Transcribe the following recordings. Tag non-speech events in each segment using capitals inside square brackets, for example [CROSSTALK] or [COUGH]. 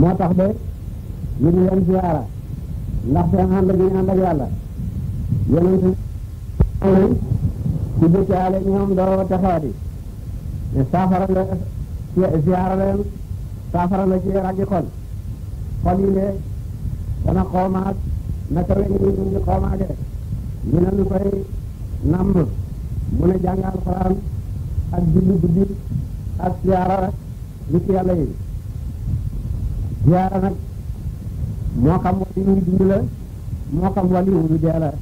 motax tax ba ñu di leen ziara ndax seen ànd gi ñu ànd ak yalla yonent ci ci ci ala ñoom do taxadi taxawati safara la ci ziara leen safara la ci raji xol xol yi ne dana xoomaat na tawé ñu ñu ngi xoomaate ñu la ñu koy namm mu ne jangal quran ak julli guddi ak ziara lu ci yalla yi ziyaara nag moo xam wali dund la moo xam wali yu dee la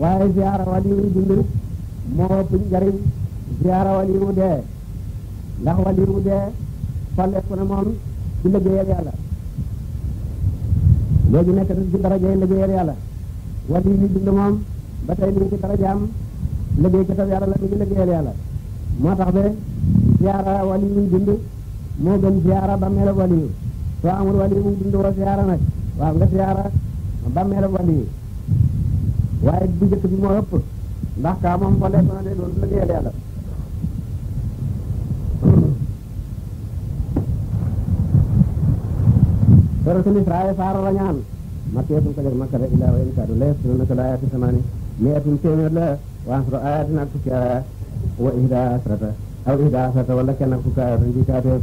waaye ziyaara wali yu dund moo ëpp njariñ ziyaara wali yu dee ndax wali yu dee falleeku na moom ci liggéeyal yàlla léegi ci darajay yàlla wali yu dund moom ba tey ni yàlla la mi yàlla moo tax ba ziyaara wali yu dund moo gën ziyaara ba melo wali soo amul wali mu dund woo siyaara nag waaw nga siyaara bàmmeelab wali yi waaye bu njëkk bi moo ëpp ndax kaa moom ko lekk na de loolu liggéeyal yàlla suratul Israa saara la ñaan makk yetum ko jël makka de illaa wa in kaadu la yaftinunaka la ayaati samaani mi'atun téeméer la wa asru ayatin ak fukki wa ihda asrata aw ihda asrata wala kenn ak fukki ayatin ji kaateef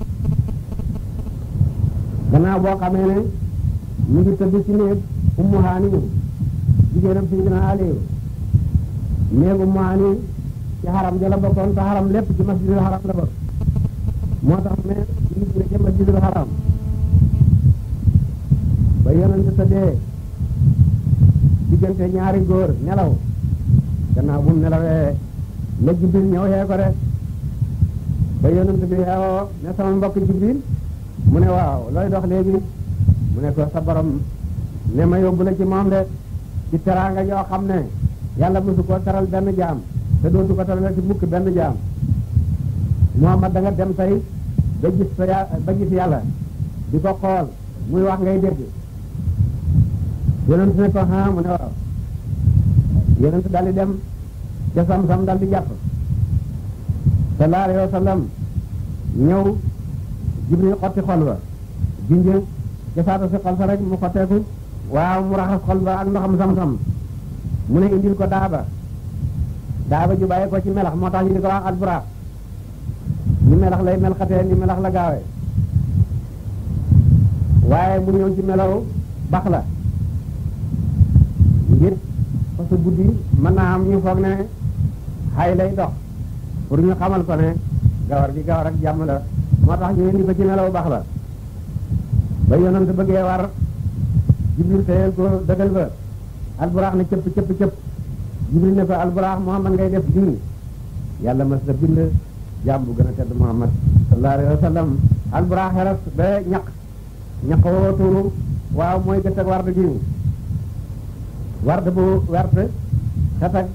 gannaaw boo xamee ne mu ngi tëdd ci néeg ummu haani jigéenam Seydina Aliyu néeg ummu haani ci xaram ja bokkoon te xaram lépp ci masjidul xaram la bokk moo tax ne ñu ngi ci masjidul xaram ba yonent tëddee diggante ñaari góor nelaw gannaaw bu mu nelawee la Jibril ñëw xee ko rek ba yonent bi xeewoo ne sama mbokk Jibril mu ne waaw looy dox léegi mu ne ko sa borom ne ma yóbbu la ci moom de ci teraanga yoo xam ne yàlla mosu ko taral benn jaam te dootu ko taral ci mukk benn jaam Muhammad dem tey ba yàlla di ko xool muy wax ngay dégg mu ne waaw yonent daal di dem ca sam-sam daal di jàpp sallallahu alayhi wa ñëw jibril xotti xol ba junjën jasaatu si xol sa rek mu xotteeku waaw mu raxas xol ba ak ndoxam sam-sam mu ne indil ko daaba daaba ju bàyyi ko ci melax moo tax ñu di ko wax alburax ni melax lay mel xatee ni melax la gaawee waaye mu ñëw ci melaw bax la ngir parce que guddi mën naa am ñu foog ne xay lay dox pour ñu xamal ko ne gawar gi gawar ak jàmm la motax ini ñu indi ko ci nelaw bax ba ba yonent bëgge war jibril teyel ko dagal ba alburax ne cëpp cëpp cëpp jibril ne al burah muhammad ngay def Ya yalla ma sa bind jambu gëna tedd muhammad sallallahu Alaihi Wasallam, al burah xeras be ñak ñak wo turu waaw mooy gëtt ak warde gi warde bu werte xetag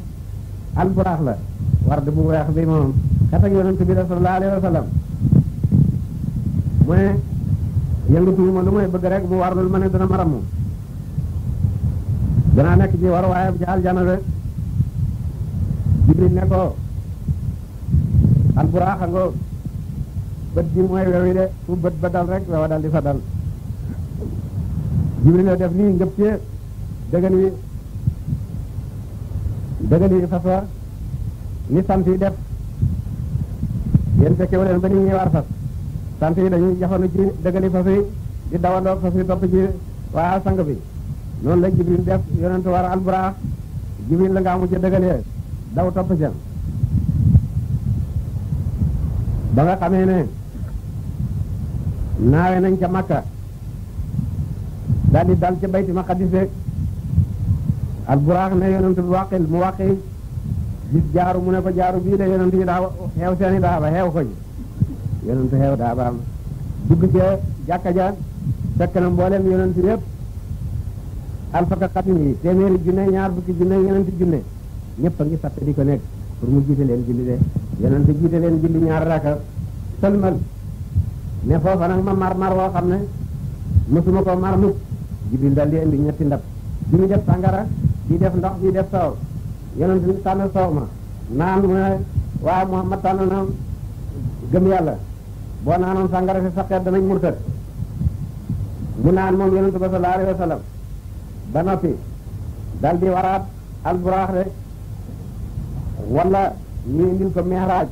alburax la warde bu wax bi mom xatak yonent bi sallallahu alaihi wasallam mu ne yëngatuwuma lu may bëgg rek mu warlul ma ne dana ma ramu danaa nekk ci war waaye ci aljana be jibril ne ko alburaaxa ngo bët bi mooy wewi de fu bët ba dal rek wewa dal di fa dal ne def nii ngëp ci dëgën wi dëgën wi fas wa ni sant yi def yéen fekke wu ba ni ñuy war fas sant yi dañu jafandu ci dëggali fas yi di dawandoo fas yi topp ci waa sang bi noonu la jibril def yonentu war alburaax jibril la nga mu ci dëggalee daw topp ca ba nga xamee ne naawe nañ ca makka daldi dal ca bayti maqdis rek alburaax ne yonentu bi wàqil mu wàqi gis jaaru mu ne ko jaaru bii de yonentu yi daa xeew seeni daa ba xeew ko ji yonent xew da baam dugg ca jàkka ja fekk na mboolem yonent yépp alfaka xatim yi téeméeri junne ñaar fukki junne yonent junne ñëpp a ngi satt di ko nekk pour mu jiite leen julli de yonent jiite leen julli ñaar raka sëlmal ne foofa nag ma mar mar woo xam ne mësuma ko mar mukk jibril dal di indi ñetti ndab bi ñu def sangara di def ndox di def soow yonent ni tànn soow ma naan mu ne muhammad tànn na gëm yàlla boo naanoon sàngara si saqeet danañ murtad mu nan mom yonente ba sallallahu alayhi wasallam sallam ba noppi dal di al alburaax rek wala ni indil ko mihraj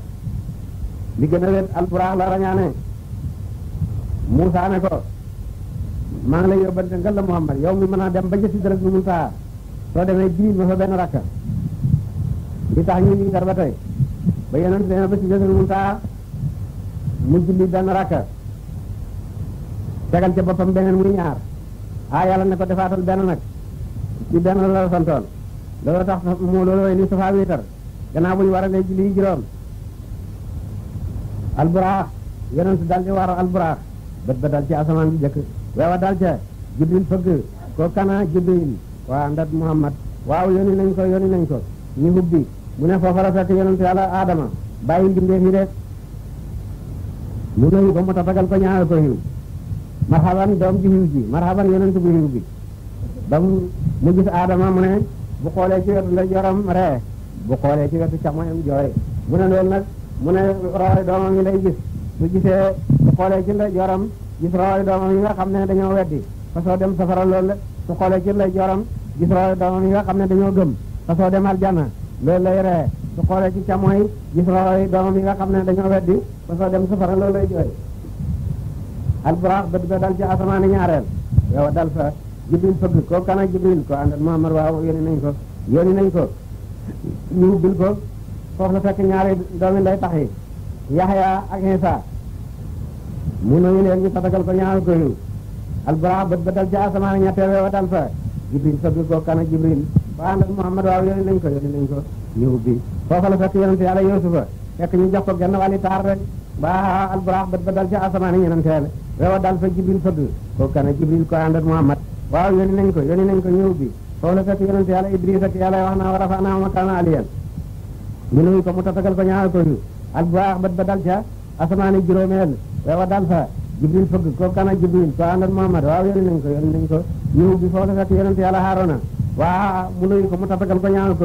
li gëna a al alburaax la rañane musa ne ko ma ngi lay ya yóbbante ngal Muhammad yow mi mëna dem ba jëf ci dara nu Moussa so demee jiin ma fa benn rakka di tax ñi ñuy tar tay ba yonente nee na ba si dërëg Moussa mu julli benn raka tegal ca boppam beneen muy ñaar ah yàlla ne ko defaatal benn nag ci benn la la santoon loolu tax mu loolu way ni safa wiitar gannaaw bu ñu war a lay julli juróom alburaax yonent dal di war alburaax bët ba dal ci asamaan bi jëkk weewa dal ca jibril fëgg ko kana jibril waa ndat muhammad waaw yoni nañ ko yoni nañ ko ñu hubbi mu ne foofa la fekk yonent yàlla aadama bàyyi mbindeef yi def mu nuyu ko mu tatagal ko ñaanal ko yiw marhaban doom ji yiw ji marhaban yonent bu yiw bi ba mu mu gis aadama mu ne bu xoolee ci wetu ndeyjooram ree bu xoolee ci wetu càmmoñam jooy bu ne loolu nag mu ne roori doomam yi lay gis su gisee bu xoolee ci ndeyjooram gis roori doomam yi nga xam ne dañoo weddi fa soo dem safara loolu la su xoolee ci ndeyjooram gis roori doomam yi nga xam ne dañoo gëm fa soo dem aljanna loolu lay ree su xoolee ci càmmooy gis loolooy doomam yi nga xam ne dañoo weddi ba soo dem safara loolooy jooy alburaax bët ba dal ci asamaani ñaareel yow dal fa jibril fëgg ko kana jibril ko ànd muhammad waaw yónni nañ ko yónni nañ ko ñu bil ko foofu la fekk ñaari doomi nday tax yi yahya ak isa mu nuyu leen ñu tatagal ko ñaar ko yu alburaax bët ba dal ci asamaani ñetteel yow dal fa jibril fëgg ko kana jibril ba ànd muhammad waaw yónni nañ ko yónni nañ ko ñu ubbi foofa la fekk yonente yàlla Yuusufa fekk ñu jox ko genn taar rek ba alburaax bët ba dal ca asamaan yonente yàlla rewa dal fa Jibril fëgg kooku kana Jibril ko ànd ak Muhammad waaw yónni nañ ko yónni nañ ko ñu ubbi la fekk yonente yàlla Idris ak yàlla wax naa wa rafa'naahu makaanan aliyyan nuyu ko mu tatagal ko ñaanal ko ñu alburaax bët ba dal ca asamaan juróomeel rewa dal fa Jibril fëgg kooku kana Jibril ko ànd ak Muhammad waaw yónni nañ ko yónni nañ ko ñu ubbi foofu la fekk ko mu tatagal ko ñaanal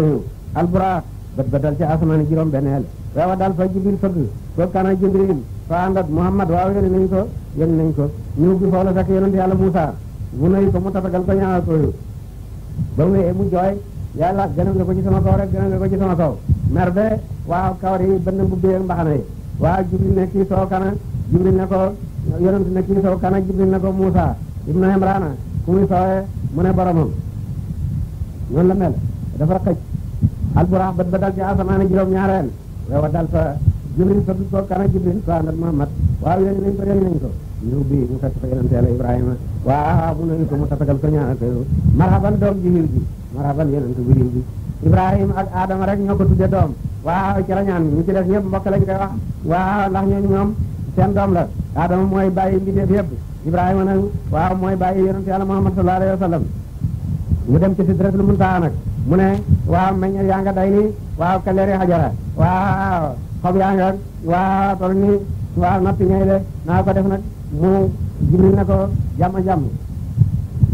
albura bët-bëtal ci asamaan juróom benneel waawa daal fa jibril fëgg ko kana jibril fa andat muhammad waaw yónni nañ ko yónni nañ ko ñëw bi foofu la fekk yonent yàlla Muusa mu nuyu ko mu tatagal ko ñaanal ko ba mu wéyee mu jooy yàlla gënal nga ko ci sama kaw rek gënal nga ko ci sama kaw mer de waaw kawar yi bënn bu bee mbaxana yi waaw jibril ne kii soo kana jibril ne ko yonent ne kii soo kana jibril ne ko ibnu Imrana ku mu la mel dafa alburax bat ba dal ci asamaan juróom ñaareel wewa dal fa jibril fa ko kana jibril ko andal muhammad wa yeen ñu ko yeen ñu ko ñu bi mu fekk fa yeen yàlla ibrahima wa mu ñu ko mu tagal ko ñaanal ko marhaban doom ji hiw ji marhaban yeen ñu hiw ji ibrahim ak adam rek ñoko tudde doom wa ci la ñaan ñu ci def ñepp mbokk lañ koy wax wa ndax ñoo ñoom seen doom la adam adama mooy bàyyi mbindeef yëpp ibrahima nag waaw mooy bàyyi yonante yalla muhammad sallallahu alaihi wasallam mu dem ci sidratul muntaha nak mu ne waaw meññal yaa nga waaw kaleeri xajara waaw xob yaa nga waaw tol ni waaw noppi ñay de naa ko def nag mu jibril na ko jàmm jàmm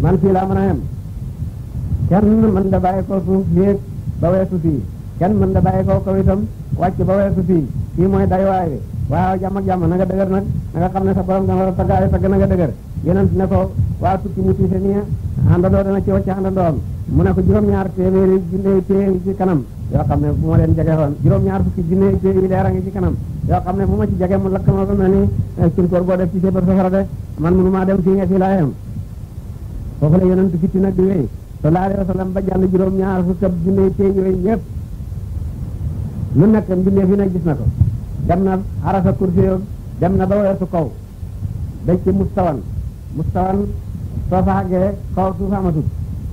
man fii laa a yem kenn mën da bàyyi ko suuf yéeg ba weesu fii kenn mën da bàyyi ko kaw itam wàcc ba weesu fii fii mooy day waay bi waaw jàmm ak jàmm na nga dëgër nag na nga xam sa borom danga war a na nga dëgër yonent ne ko waa tukki mu tiise nii àndandoo dana ci wàcc àndandoom mu ne ko juróom-ñaar téeméeri junne téye ngi ci kanam yoo xam ne bu ma leen jege woon juróom-ñaar fukki junne téye leer a ngi ci kanam yoo xam ne bu ma ci jege mu lakk ma ba mel ni cirkoor eh, boo de ci sa bët safara de man mënu maa dem fii nga fii laa yem foofu la yonent fitti nag di wéy sallallahu alayhi wa sallam ba jàll juróom-ñaar fukki junne téye yooyu ñëpp lu nekk mbindeef yi nag gis na ko dem na arasa kursi dem na ba weesu kaw dañ ci mustawan mustawan soo sa àggee kaw suuf amatul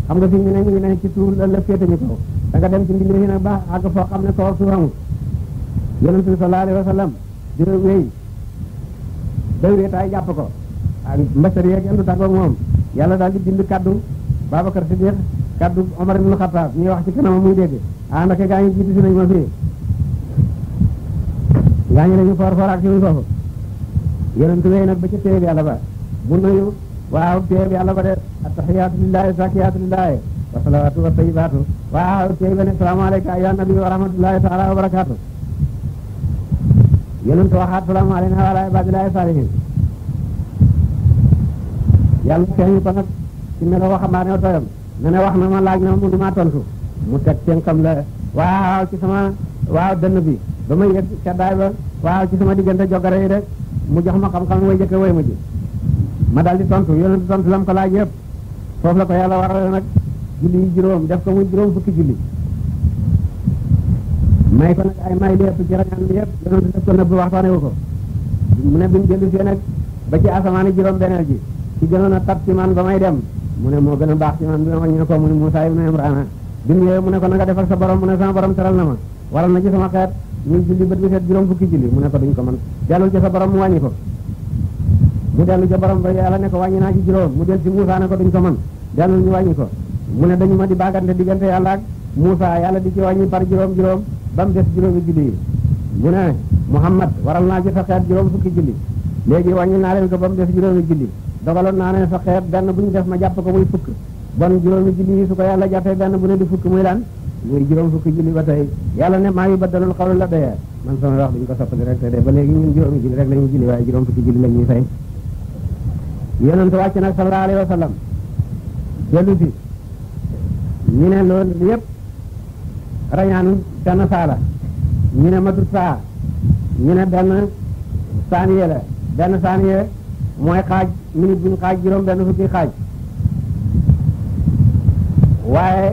xam nga fi ñu ne ñu ne ci suuf la la féete ñu kaw da nga dem ci mbindee yi nag ba àgg foo xam ne kaw suuf amul yonent bi sallallahu alayhi wa sallam di wéy day wéetaay jàpp ko ak mbasar yeeg kenn du tàggoo moom yàlla daal di bind kaddu Babacar Siddiq kaddu Omar ibn Khattab ñuy wax ci kanam muy dégg ah ndaka gaa ñi jiitu si nañu ma fii gaa ñi dañu for for ak suñu foofu yonent wéy nag ba ca téye yàlla بنيوا وأوتي على بدر التحيات لله الزكيات لله والصلوات والطيبات وأوتي السلام عليك أيها النبي ورحمة الله تعالى وبركاته yonent waxaat salaam alayna wa ala ibadillahi salihin yàlla feeñu ko nag ci melo waxambaane wa doyam ne ne wax na ma laaj na ma mënu maa tontu mu teg tënkam la waaw ci sama waaw dënn bi ba ma yëg ca daay ba waaw ci sama diggante jogare yi rek mu jox ma xam-xam way jëkk way ma ji ma dal di tontu yonent tontu lam ko laaj yépp foofu la ko yalla waral nak julli yi def ko muy juróom fukki julli may ko nak ay may lepp ci ragal rañaan yalla yonent def ko nëbb waxtaane wu ko mu ne buñu mu dellu fee ba ci asamaani juróom benel ji ci gënoon a tab ci man ba may dem mu ne mo gëna a baax ci man bu ma ñu ko mu ne Moussa ibn Imran bi mu mu ne ko na nga defal sa borom mu ne sa borom teral na ma waral na ci sama xet ñu julli ba bi seet juróom fukki julli mu ne ko duñ ko man dellul ci sa borom mu wañi ko mu delu ci borom ba yalla ne ko wañi na ci juroom mu del ci musa ne ko duñ ko man delu ñu wañi ko mu ne dañu ma di bagante digante yalla ak musa yalla di ci wañi par juroom juroom bam def juroom juróomi julli mu ne Muhammad waral na ci sa xeet juróom fukki julli legi wañi na len ko bam def juroom juróomi julli dogaloon naa ne sa xeet benn bu def ma japp ko muy fukk bon juroom julli su ko yalla jàppee ben bu ne di fukk muy lan muy juroom fukki julli ba tey yàlla ne ma ngi badalul qawl la daya man sama wax duñ ko soppali rek te de ba legi ñun juroom julli rek lañu ñuy julli waaye juróom fukki julli la fay yonent wàcc nag sallallahu alayhi wa sallam dellu si ñu ne loolu yëpp rañaanu benn saa la ñu ne matut saa ñu ne benn saaniye la benn saaniye mooy xaaj minute buñ xaaj juróom benn fukki xaaj waaye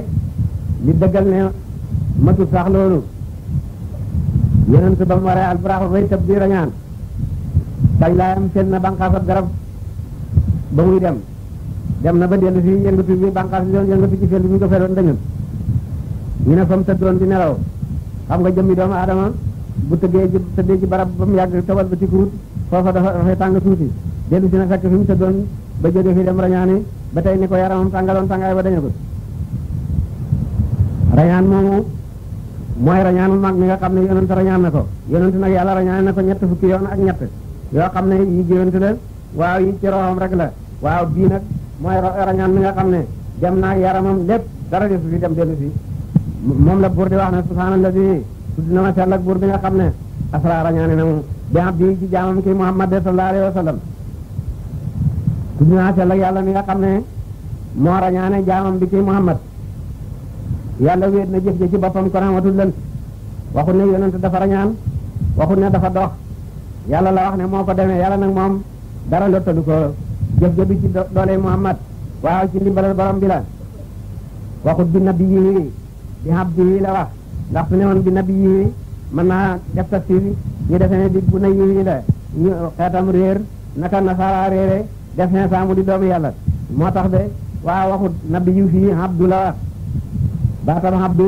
li dëggal ne matut sax loolu yonent ba mu waree alburaax bay tëb di rañaan bañ laayam seen na banqaasab garab ba muy dem dem na ba dellu fi yëngatu bi bànqaas bi doon yëngatu ci fel bi ñu ko feroon dañu ñu ne fa mu di nelaw xam nga jëmmi doomu aadama bu tëggee ci tëddee ci barab ba mu yàgg tawal ba ci kurut foofa dafa dafay tàng tuuti dellu si na fekk fi mu tëddoon ba jóge fi dem rañaani ba tey ni ko yaramam tàngaloon tàngaay ba dañu ko rañaan moomu mooy rañaanu mag mi nga xam ne yonent rañaan na ko yonent nag yàlla rañaan na ñett fukki yoon ak ñett yoo xam yi jëwante la waaw yi ci roxam rek la waaw bii nag mooy rañaan mi nga xam ne dem naag yaramam lépp dara def fi dem dellu fi moom la bur di wax ne subhaana alladi tudd na ma sell ak buur bi nga xam ne asra rañaane na mu bi abdi ci jaamam ki muhammad sallallahu alayhi wa sallam tudd naa sell ak yàlla mi nga xam ne moo rañaane jaamam bi ki muhammad yàlla wéet na jëf ja ci boppam kon amatul lan waxu ne yonent dafa rañaan waxu ne dafa dox yàlla la wax ne moo ko demee yàlla nag moom dara lottalu ko jëf jëbi ci doole Muhammad waaw ci ndimbalal borom bi la waxut bi nabi yi bi abdi la wax ndax su ne woon bi nabi yi mën naa def tafsir ñu defe ne bi bu na yi la ñu xeetam réer naka nasaara réere def ne di doomu yàlla moo tax de waaw waxut nabi yu fii abdu la wax baatam abdu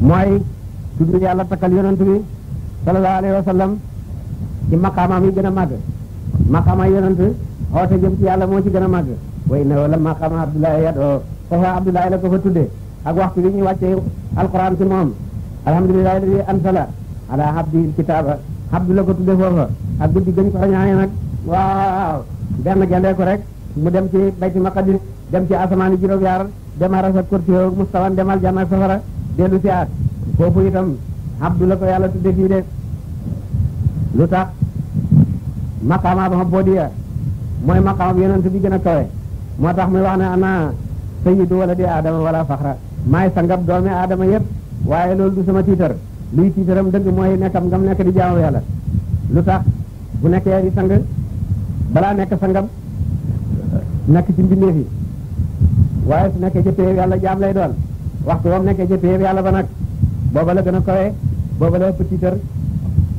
mooy tudd yàlla takkal yonent sallallahu alayhi wa ci maqaamaam yi gën a màgg maqaama yonent xoote jëm ci yàlla moo ci gën a màgg way ne wala maqaama abdoulaye yado safa abdoulaye la ko fa tuddee ak waxtu bi ñu wàccee alquran ci moom alhamdulilahi ladi ansala ala habdi kitaaba habdu la ko tuddee foofa ak guddi gën ko rañaane nag waaw benn jandee ko rek mu dem ci bayti maqadis dem ci asamaan yi juróom yaar demal rasa kortio mustawan demal janna safara dellu si aat foofu itam habdu la ko yàlla tuddee lu tax maqaama ba boo diya mooy maqaama bi yonent bi gën a kawe moo tax muy wax ne ana sayyidu wala di aadama wala faxra maay sangab doomi aadama yëpp waaye loolu du sama tiitar luy tiitaram dëgg mooy nekkam ngam nekk di jaamu yàlla lu tax bu nekkee di sang balaa nekk sangam nekk ci mbindeef yi waaye su nekkee ca péyeb yàlla jaam lay doon waxtu wam nekkee ca péyeb yàlla ba nag booba la gën a kawe booba la ëpp tiitar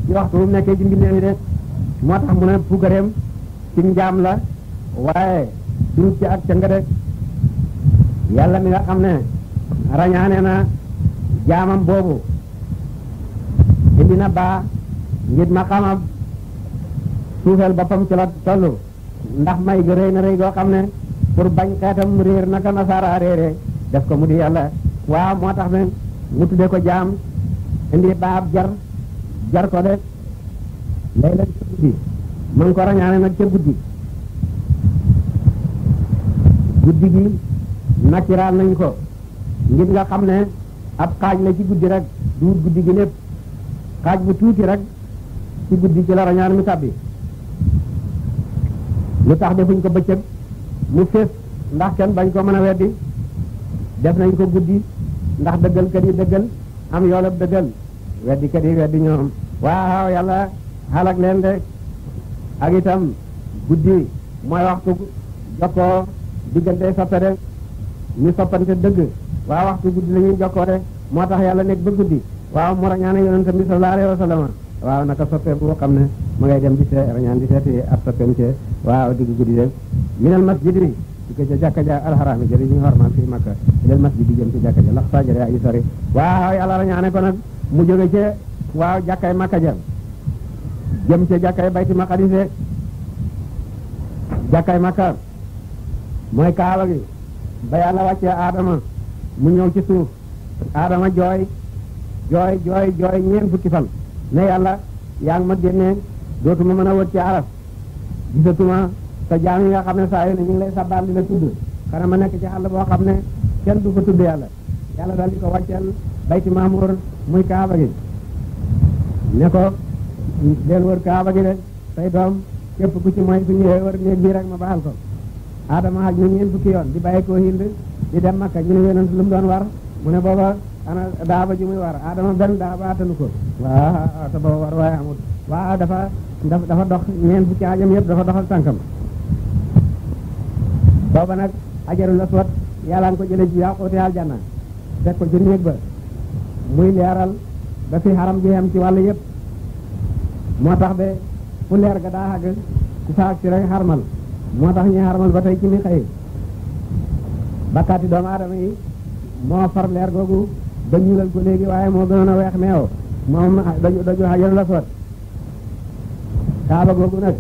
ci waxtu bu nekkee ci mbindeef de moo tax mu ne puukareem ci njaam la waaye duut ci ak cënga de yàlla mi nga xam ne rañaane na jaamam boobu indi na baa ngir ma xamam suufeel boppam ci la toll ndax may gi na rëy goo xam ne pour bañ xeetam réer naka nasaara réere def ko mu di yàlla waaw moo tax ne mu tudde ko jaam indi baab jar jar ko de lay la ci guddi man ko rañane nak ci guddi guddi gi nakiraal nañ ko ngir nga xamne ab xaj la ci guddi rek du guddi gi lepp xaj bu tuti rek ci guddi ci la rañane mi tabbi lu tax defuñ ko bëccëg mu fess ndax kenn bañ ko mëna wéddi def nañ ko guddi ndax deugal kat yi dëggal am yoolab deugal weddi kadi weddi ñoom waaw yàlla xalak leen de ak itam guddi mooy waxtu jokkoo diggante soppe de ñu soppante dëgg waaw waxtu guddi la ñuy jokkoo de moo tax yàlla nekk ba guddi waaw mu rañaane yonente bi sallallahu alayhi wa sallam waaw naka soppe bu xam ne ma ngay dem di see rañaan di seeti ab soppem ci waaw digg guddi de minal masjid bi di ko ca jàkka ja alxaraami jëri ñu xormaan fii makka ilal masjid di jëm ci jàkka ja lax saa jëri ay sori waaw yàlla rañaane ko nag mu joge ci waaw jàkkaay makka ja jëm ca jàkkaay bayti maqadis de jàkkaay makka mooy kaaba gi ba yàlla wàccee aadama mu ñëw ci suuf aadama jooy jooy jooy jooy ñeen fukki fan ne yàlla yaa ngi ma génne dootuma mën a wër ci araf gisatuma sa jaam nga xam ne saa yu ne ñu ngi lay sabbaal di la tudd xana ma nekk ci àll boo xam ne kenn du fa tudd yàlla yàlla daal di ko wàcceel bayti maamuur muy kaaba gi ne ko del wër kaaba gi de say doom képp ku ci mooy su ñëwee wër néeg bii rek ma baal ko adama haj na ñeen fukki yoon di bàyyi ko hind di dem makka ñu ne yonent lu mu doon war mu ne booba ana daaba ji muy war aadama benn daaba atanu ko waa te booba war waaye amul waa dafa dafa dox ñeen fukki ajam yëpp dafa doxal tànkam booba nag ajarul aswad yàlla nga ko jële ci yaa xóoti aljanna teg ko ci néeg ba muy leeral ba fi xaram gi am ci wàll yëpp moo tax de fu leer ga daa àgg ci fa agsi rek xarmal moo tax ñuy xarmal ba tey ci mi xëy bakkaati doomu aadama yi moo far leer googu ba ñuulal ko léegi waaye moo gënoon a weex meew moom dañu dañu xajal la soot kaaba googu nag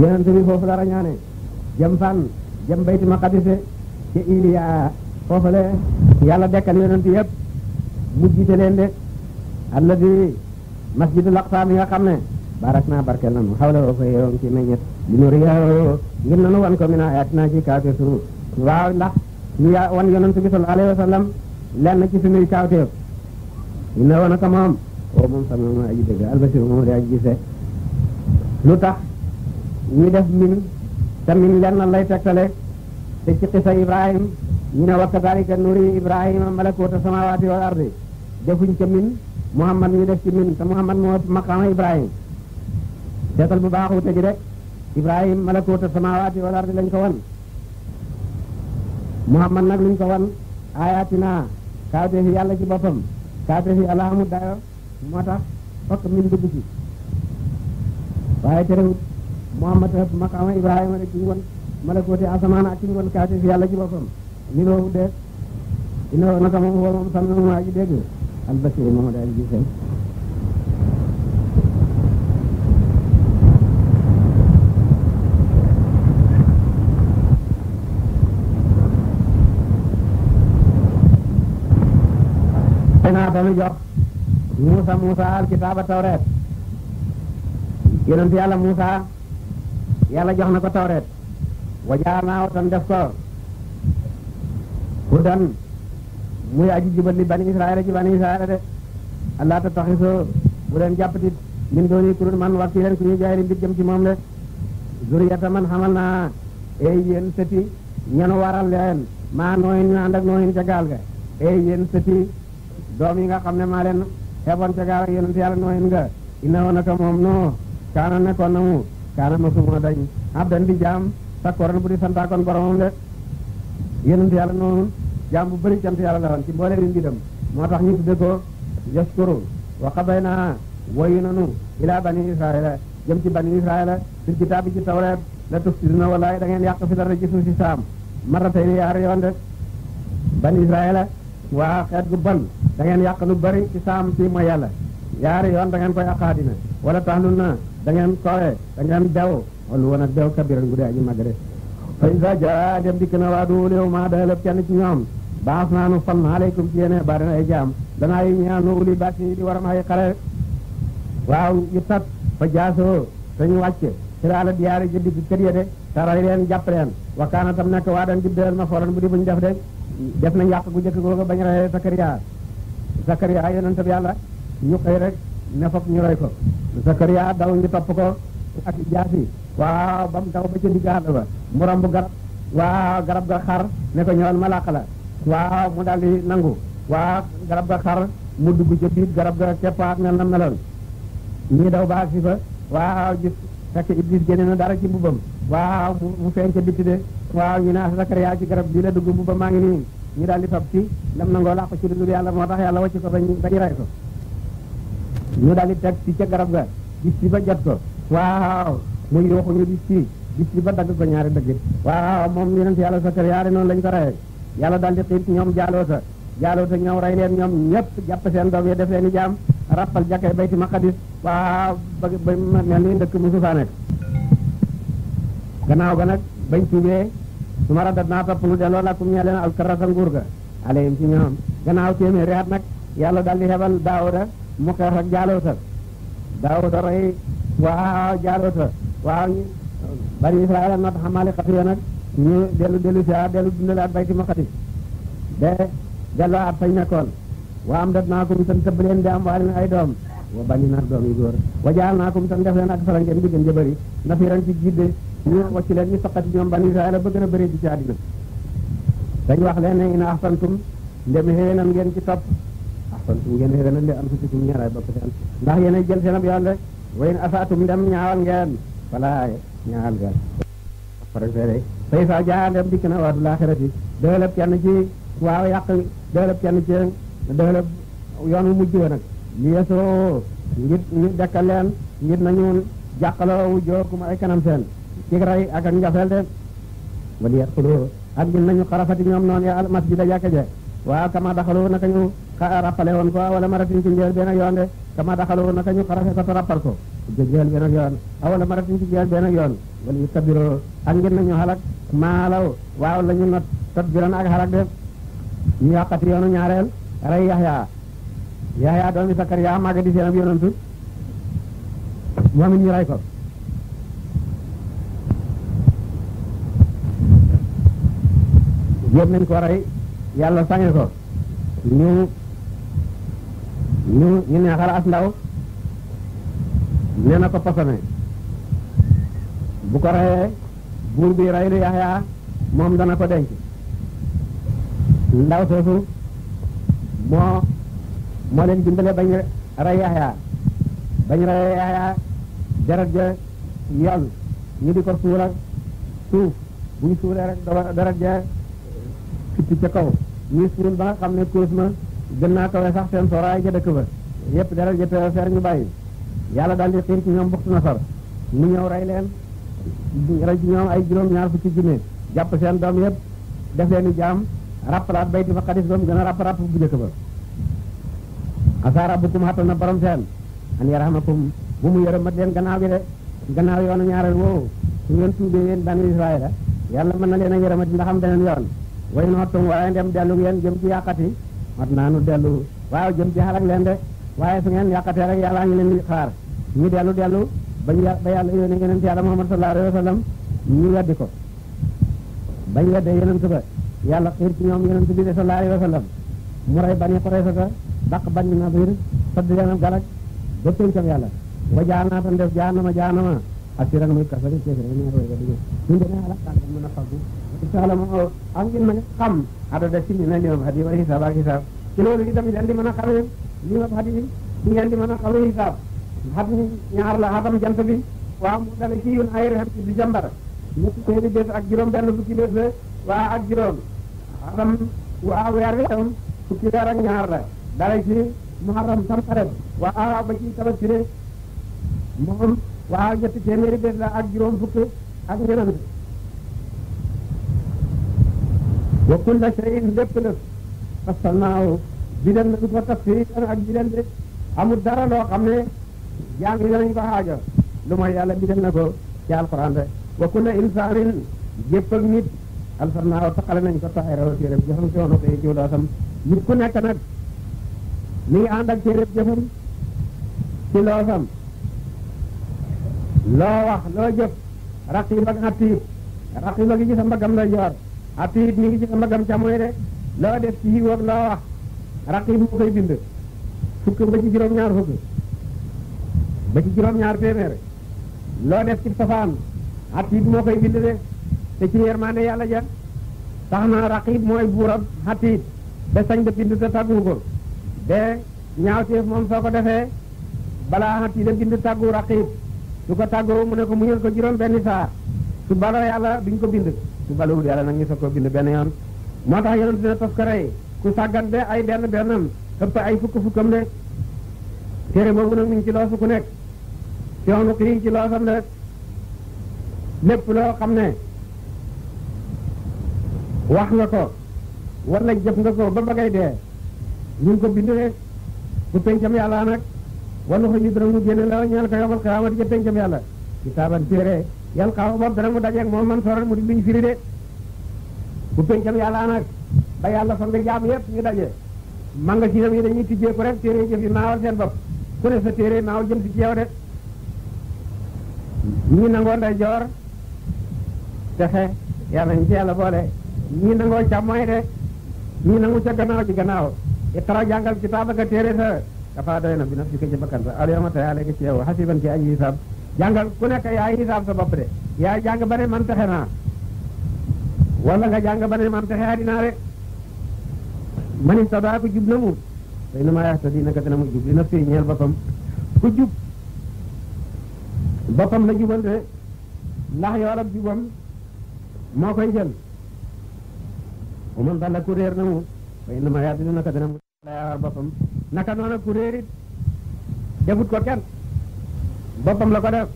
yonent bi foofu la rañaane jëm fan jëm bayti maqadise ci iliya foofale yàlla dekkal yonent yëpp mu jiite leen de àll bi masjidul aqsa bi nga ne barak naa barkeel nanu xawla woo ko yeewoon ci meññet li nu riyaayo ngir nanu wan ko min ayatina ci kaawteef sunu waaw ndax ñu yaa wan yonent bi sallallahu alayhi wa sallam lenn ci sunuy kaawteef ina wan a ko moom o moom sama moom aji dëgg albasir moom di aji gise lu tax ñu def min te min lenn lay tegtale te ci ibrahim ñu ne wa kadalika nuri ibrahima malakuta samawati wal ardi defuñ ca min muhammad ñu def ci min te muhammad moo maqama ibrahima seetal bu baax wute gi rek ibrahima malakuta samawati wal ardi lañ ko wan muhammad nag luñ ko wan ayatina kaawte fi yàlla ci boppam kaawte fi alaamu dayo moo tax fokk min dugg ci waaye terewut muhammad maqama ibrahima rek ci ñu won malakuti asamaan ak ci ñu won fi yàlla ci boppam ni loowu de ina naka moom woo moom sam moom waa ji al basir Musa Musa al kitaaba tawreet yonent yalla Musa jox na ko tawreet wajaar tan def hudan muy aji jubal li bani israila ci bani israila de allah tattaxisoo bu leen jàppati min dooni kurun man wakki leen ku ñuy jaay mbir jëm ci moom de zuriyata man xamal naa ey yéen sëti ñenu waral leen maa nooyin ñu ànd ak nooyin ca ga ey yéen sëti doom yi nga xam ne maa leen xeboon ca gaal ak yonent yàlla nooyin ina woon naka moom no kaana nekkoon na mu kaana masuma dañ abdan di jaam sakkoran bu di santaakoon boromam de yonent yàlla noonu jaam bu bëri cant yàlla la woon ci mbolé mbidam moo motax ñu tudde ko yaskuru wa qabayna waynanu ila bani israila jëm ci bani israila ci kitab ci tawrat la tufsiduna wala da ngeen yaq fi dara ci suuf si saam maratay ni bani israila wa xeet gu ban da ngeen yaq lu bari ci sam ci ma yalla yaari yoon da ngeen koy aqaadina wala tahluna da ngeen kowe da ngeen daw wala wona daw kabiran gu ji magare magre fa iza jaa dem dikna wadu lew ma dalab kenn ci ñoom baax naa nu fal na aleykum ci yéen bari na e jaam danaa yi ñaan nu uli bàtti di war maay xare e waaw yu tat fa jaasoo dañu wàcc ci laala diyaari ji digg kër ya de taray leen jàpp leen wakkaana tam nekk waa dan dibdeel ma foolan bu di buñ def de def na yàq gu jëkk nga bañ rayee zakariya zakariya yonentab yàlla ñu xëy rek ne fop ñu roy ko zakariya daw ñu topp ko ak jaasi waaw bam daw ba ca digg àll ba mu romb garab waaw garab ga xar ne ko ñëwal malaaka la waaw mu daal di nangu waaw garab ga xar mu dugg ca biir garab ga keppaat mel na meloon ñii daw baag si fa waaw gis fekk iblis génne na dara ci mbubbam waaw mu feeñ ca bitti de waaw ñu ne Sakariya ci garab bii la dugg mbubbam maa ngi nii ñu daal di fab ci lam nangoo ko ci lu yàlla moo tax yàlla wàcc ko bañ bañ rey ko ñu daal di teg ci ca garab ga gis ci ba jot ko waaw muy yooxu ñu gis ci gis ci ba dagg ko ñaari dëgg waaw moom yonent yàlla Sakariya noonu lañ ko reyee yàlla daal di xiit ñoom jaaloota jaaloota ñoom rey ñoom ñëpp jàpp seen doom yi def leen rappal jàkkee bayti maqadis waa mel ni dëkk mosu faa nekk gannaaw ba nag bañ tuubee su ma radat naa topp lu ñee leen alkarata nguur ga alayhim ci ñoom gannaaw téeméeri at nag yàlla daal di daaw daawuda mu xeex ak jaaloota daawuda rey waaw jaaloota waaw bani israila not xamaali xatu yo ñu delu delu ci delu dina la bayti maqdis de delu fay na kon wa am dat na ko mi tan tëbb de am walina ay doom wa bani na doom yi gor wa jaal na ko mi tan def leen ak fara ngeen diggan jëbëri na fi ran ci jidde ñu ci leen ñu faqati ñom bani israël ba gën a bëree ci ci àddina dañ wax leen ne ina ahsantum ndem xéenal ngeen ci top ahsantum ngeen xéenal de am ci ci ñaaraay bopp seen ndax yene jël seenam ab yoon rek wayin asaatum ndem ñaawal ngeen wala ñaawal ngeen farak fere fay fa jaa ndem dikk na waadu laaxirati doylab kenn ci waaw yàq doylab kenn ci doylab yoon wu mujj wa nag li yesoo ngir ngir dekkal leen ngir nañu jàqaloo wu jookum ay kanam seen ci ray ak ak njafel de wali yadxulu ak ngir nañu xarafati ñoom noonu ya masjida jàkka je waaw kama daxalu naka ñu rappale woon ko wala maratin ci njël benn yoon de kama daxalu naka ñu xarafe ko to rappal ko jëjël benn ak yoon awala maratin ci jëjël benn ak yoon wala yu tabiroo ak ngeen nañu xalak maalaw waaw la ñu not tot biran ak xalak def ñu yàqati yoonu ñaareel rey yaxya yaxya doomi sakariya maaga di seenam yonantu moom it ñu rey ko jéem nañ ko rey yàlla sañe ko ñu ñu ñu neexal as ndaw nee na ko posone bu ko reyee buur bi rey yaxyaa moom dana ko denc ndaw soosu moo moo leen dimbale bañ rey yaxyaa bañ reyee yaxyaa deret ja yoll ñu di ko suul ak suuf buñ suulee rek deret ja fitti ca kaw ñuy suul ba nga xam ne kuus ma gën naa kawe sax seen soraay ja dëkk ba yépp deret ja teew feer ñu bàyyi yàlla daal di xiir ci ñoom buxtu nasar mu ñëw rey leen ray ci ñoom ay juróom ñaar fukki junne jàpp seen doom yëpp def leen i jaam rappalaat bayti fa xadis doom gën a rapp rapp bu jëkk ba asa rabbukum xatta na borom seen an yarhamakum bu mu yërëmat leen gannaaw bi de gannaaw yoonu ñaaral woowu su ngeen tuubee yeen banu israila yàlla mën na leen a yërëmati ndax am beneen yoon way noottum waaye dem dellu ngeen jëm ci yàqati mat naanu dellu waaw jëm ci xalak leen de waye su ngeen yàqatee rek yàllaa ngi leen di xaar ñu dellu dellu bañ ya ba yàlla ngeen ci yàlla muhammad sallallahu alayhi wa sallam ñu weddi ko bañ weddee yonent ba yàlla xiir ci ñoom yonent bi de sallallahu alayhi wa sallam mu rey bani xoreysa ta daq bani nadir tëdd leen ab galak ba péncam yàlla wa jaanaatan def jaanama jaanama asiran muy ci kefir ñu ñaar wéga duñu ñu dina ala kan mën a faggu inshallah mo am ngeen ma xam ada da ci ni na ñoom hadi wa hisab ak hisab ci loolu itam leen di mëna a li nga xam di mën a xaw a hisaab xam ñaar la xatam jant bi waaw mu dale ci yun ay reer ci Decembar ñetti téeméeri bés ak juróom benn fukki bés la waaw ak juróom xatam waaw weer bi tam fukki weer ak ñaar la dale ci muharram samxaret waaw ba ci tabaski moom waaw ñetti téeméeri bés la ak juróom fukk ak ñeneen wa kulla shay'in lépp la fassalnaahu bidal na ko tafsir ak bidal de amul dara loo xam ne jaam yi danañ ko xaajo lu mooy yàlla bidal na ko ci alquran rek wa kulla insaanin jëpp ak nit alfarnaaw taxale nañ ko taxeeraw téeréb jëfam si woon koy jiw doosam nit ku nekk nag mi ngi ànd ak téeréb jëfam ci loosam loo wax loo jëf raqib ak atiid raqib a ci sa mbagam lay joor atiid mi ngi ci sa mbagam càmmoy de loo def ci yiw ak loo wax raq yi mu koy bind fukk ba ci juróom-ñaar fukk ba ñaar téeméer loo def ci safaan xatib moo koy bind de te ci yërmande yàlla ja tax na raqib mooy buurab xatib ba sañ ba bind te tàggu ko de ñaawteef moom soo ko defee balaa xatib a bind tàggu raqib su ko tàggoo mu ne ko muñal ko juróom benn saa su baloo yàlla duñ ko bind su balowul yàlla nag ñu soog koo bind benn yoon moo tax yonent dina tos ko rey ku sàggan de ay benn bennam ëpp ay fukk fukkam de téere boobu nag mu ngi ci loosu ku nekk si on xiin ci loosam de lépp loo xam ne wax nga ko wala jëf nga ko ba bagay dee ñu ngi ko bind rek bu pencam yàlla nag wala ko ñu dara mu génne la ñaan ko yomal xiyaamati ca pencam yàlla kitaaban téere yàlla xaaw boobu dara mu dajeeg moom man soral mu di luñ firi de bu pencam yàlla nag ba yàlla foog ne jaam yëpp ñu daje magasin yi dañuy tijjee ko rek téere jëf yi naawal seen bopp ku ne sa téere naaw jëm si ci yow de ñii nangoo ndeyjoor texe yàlla ñu ci yàlla boole ñii nangoo càmmooy de ñii nangu ca gannaaw ci gannaaw iqra jàngal kitaabaka téere sa dafa doy na bi nafsika ci bakkan sa alyawma tey alayka ci yow hasiban ci ay hisaab jàngal ku nekk yaay hisaab sa bopp de yaay jàng ba ne man texe naa wala nga jàng ba ne man texe adinaa mani sadaa ku jub na mu tey na maa yahtadi naka dina mu jub li nafsi ñeel boppam ku jub boppam la jubal de ndax yoolab jubam moo koy jël bu man dalla ku réer na mu tey na ma yahtadi naka dina mu la yaawar naka noona ku réer defut ko kenn boppam la ko def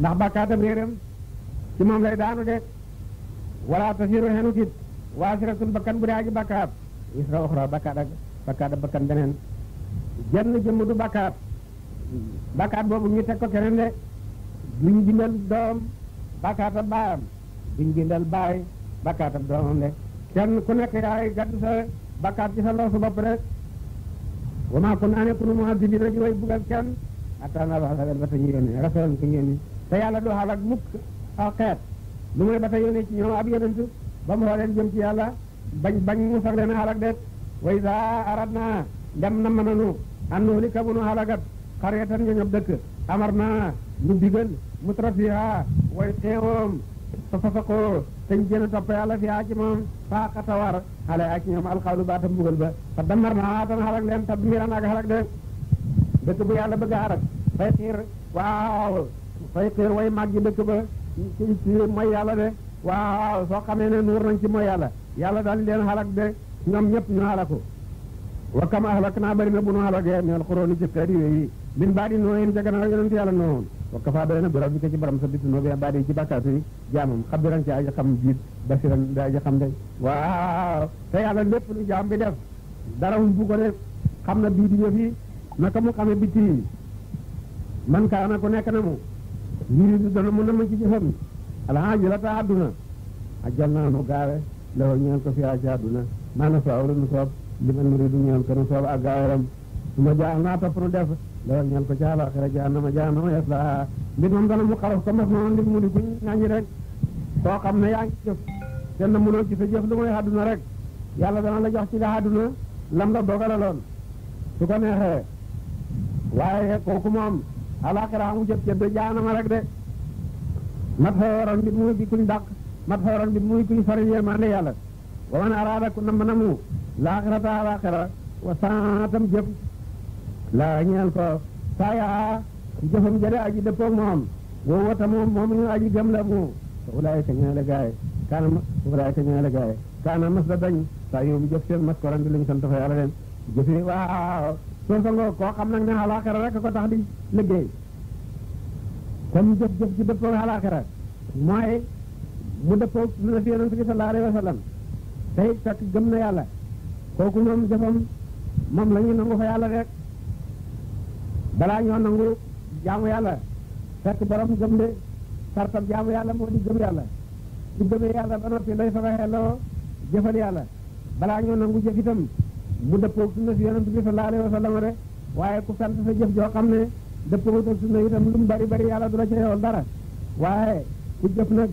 ndax bàkkaatam réeram ci moom lay daanu de wala tasiru xenutit waasiratun bakkan bu dee aji bàkkaat isra oxra bakkaat ak bakkaat ak bakkan beneen jenn jëmm du bakkaat bakkaat boobu ñu teg ko keneen de duñ bindal doom a ak baayam duñ baay bakkaat ak doomam ku nekk yaay gàddu sa bakkaat ci sa loosu bopp rek wa maa kun ane kunu mu'azzibina ñu way bugal kenn attaa naa wax la ba ta ñu yónni rasulan ko ñu yónni te yàlla du xalaat mukk aw xeet lu muy ba ci ñoom ab yonent ba mu xooleen jëm ci yàlla bañ bañ mu sax leen halak de wa izaa aradna dem na mënanu an nuhlika bu nu halakat xaryatan ñoñob dëkk amarna nu digal mutrafiha wa xeewoom fa fasaqoo teñ jéem a topp yàlla fi aa ci moom faaqa tawar xale ak ñoom alxawlu ba ta mbugal ba fa damar na tan xalak leen tadmiran ak xalak de dëkk bu yàlla bëgg a xalak fay xiir waaw fay xiir way màgg dëkk ba ci mooy yàlla de waaw soo xamee ne nuur nañ ci mooy yàlla yàlla daal leen xalak de ñoom ñëpp ñu xalaku wa kam ahlak naa bëri na bu nu xalakee minal xurooni ci xeeti yooyu min baadi nooyin ca gannaaw yonent yàlla noowoon wa kafaa doy na bi rabbika ci borom sa bitti noo bi baadi ci bàkkaatu yi jaamam xabiran ci aji xam biir basiran da te yàlla lépp lu jaam bi def dara bu ko def xam na bii di ñëw fii naka mu xame bitti man kaa na ku nekk na mu yuridu dana mu na ma ci jëfam alhaji la ta àdduna ajal naa law ñeel ko fi yaa ci àdduna maana soob la nu soob li man muridu ñeel ko nu soob ak gaayaram su ma jaax naa topp nu def law ñeel ko ci àlaxira jahannama jahannama yaslaha mbir moom dana mu xaraf ko mas noonu li mu di kuñ nañi rek koo xam ne yaa ngi jëf te na ci sa jëf lu mooy àdduna rek yàlla dana la jox ci nga àdduna lam la dogalaloon su ko neexee waaye kooku moom àlaxira amu jëf jëf de jahannama rek de nat fa waroon mu di kuñ dàq magfaran bi muy kuy faral yërmande yàlla wa man araada ku nam namu laaxirata alaxira wa saatam jëf laa ñeel ko saaya jëfam jëre aji dëppoog moom woo wata moom moom ñu aji gëm la mu ulaayka ñaale gaay kaana ulaayka ñaale gaay kaana mas la dañ saa yóbbu jëf seen mas koran di luñ sant fa yàlla leen jëfi waaw soo fa nga koo xam nag ne alaxira rek ko tax di liggéey comme jëf jëf ji dëppoog alaxira mooy mu dëppoog sunna fi yonent bi sallallahu alayhi wa sallam tey takk gëm na yàlla kooku moom jëfam moom la ñu nangu fa yàlla rek balaa ñoo nangu jaamu yàlla fekk borom gëm de sartab jaamu yàlla moo di gëm yàlla su gëmee yàlla ba noppi lay fa waxee loo jëfal yàlla balaa ñoo nangu jëf itam mu dëppoog sunna fi yonent bi sallallahu alayhi wa sallam rek waaye ku sant sa jëf joo xam ne dëppoog sunna itam lu mu bari bari yàlla du la ca dara waaye ku jëf nag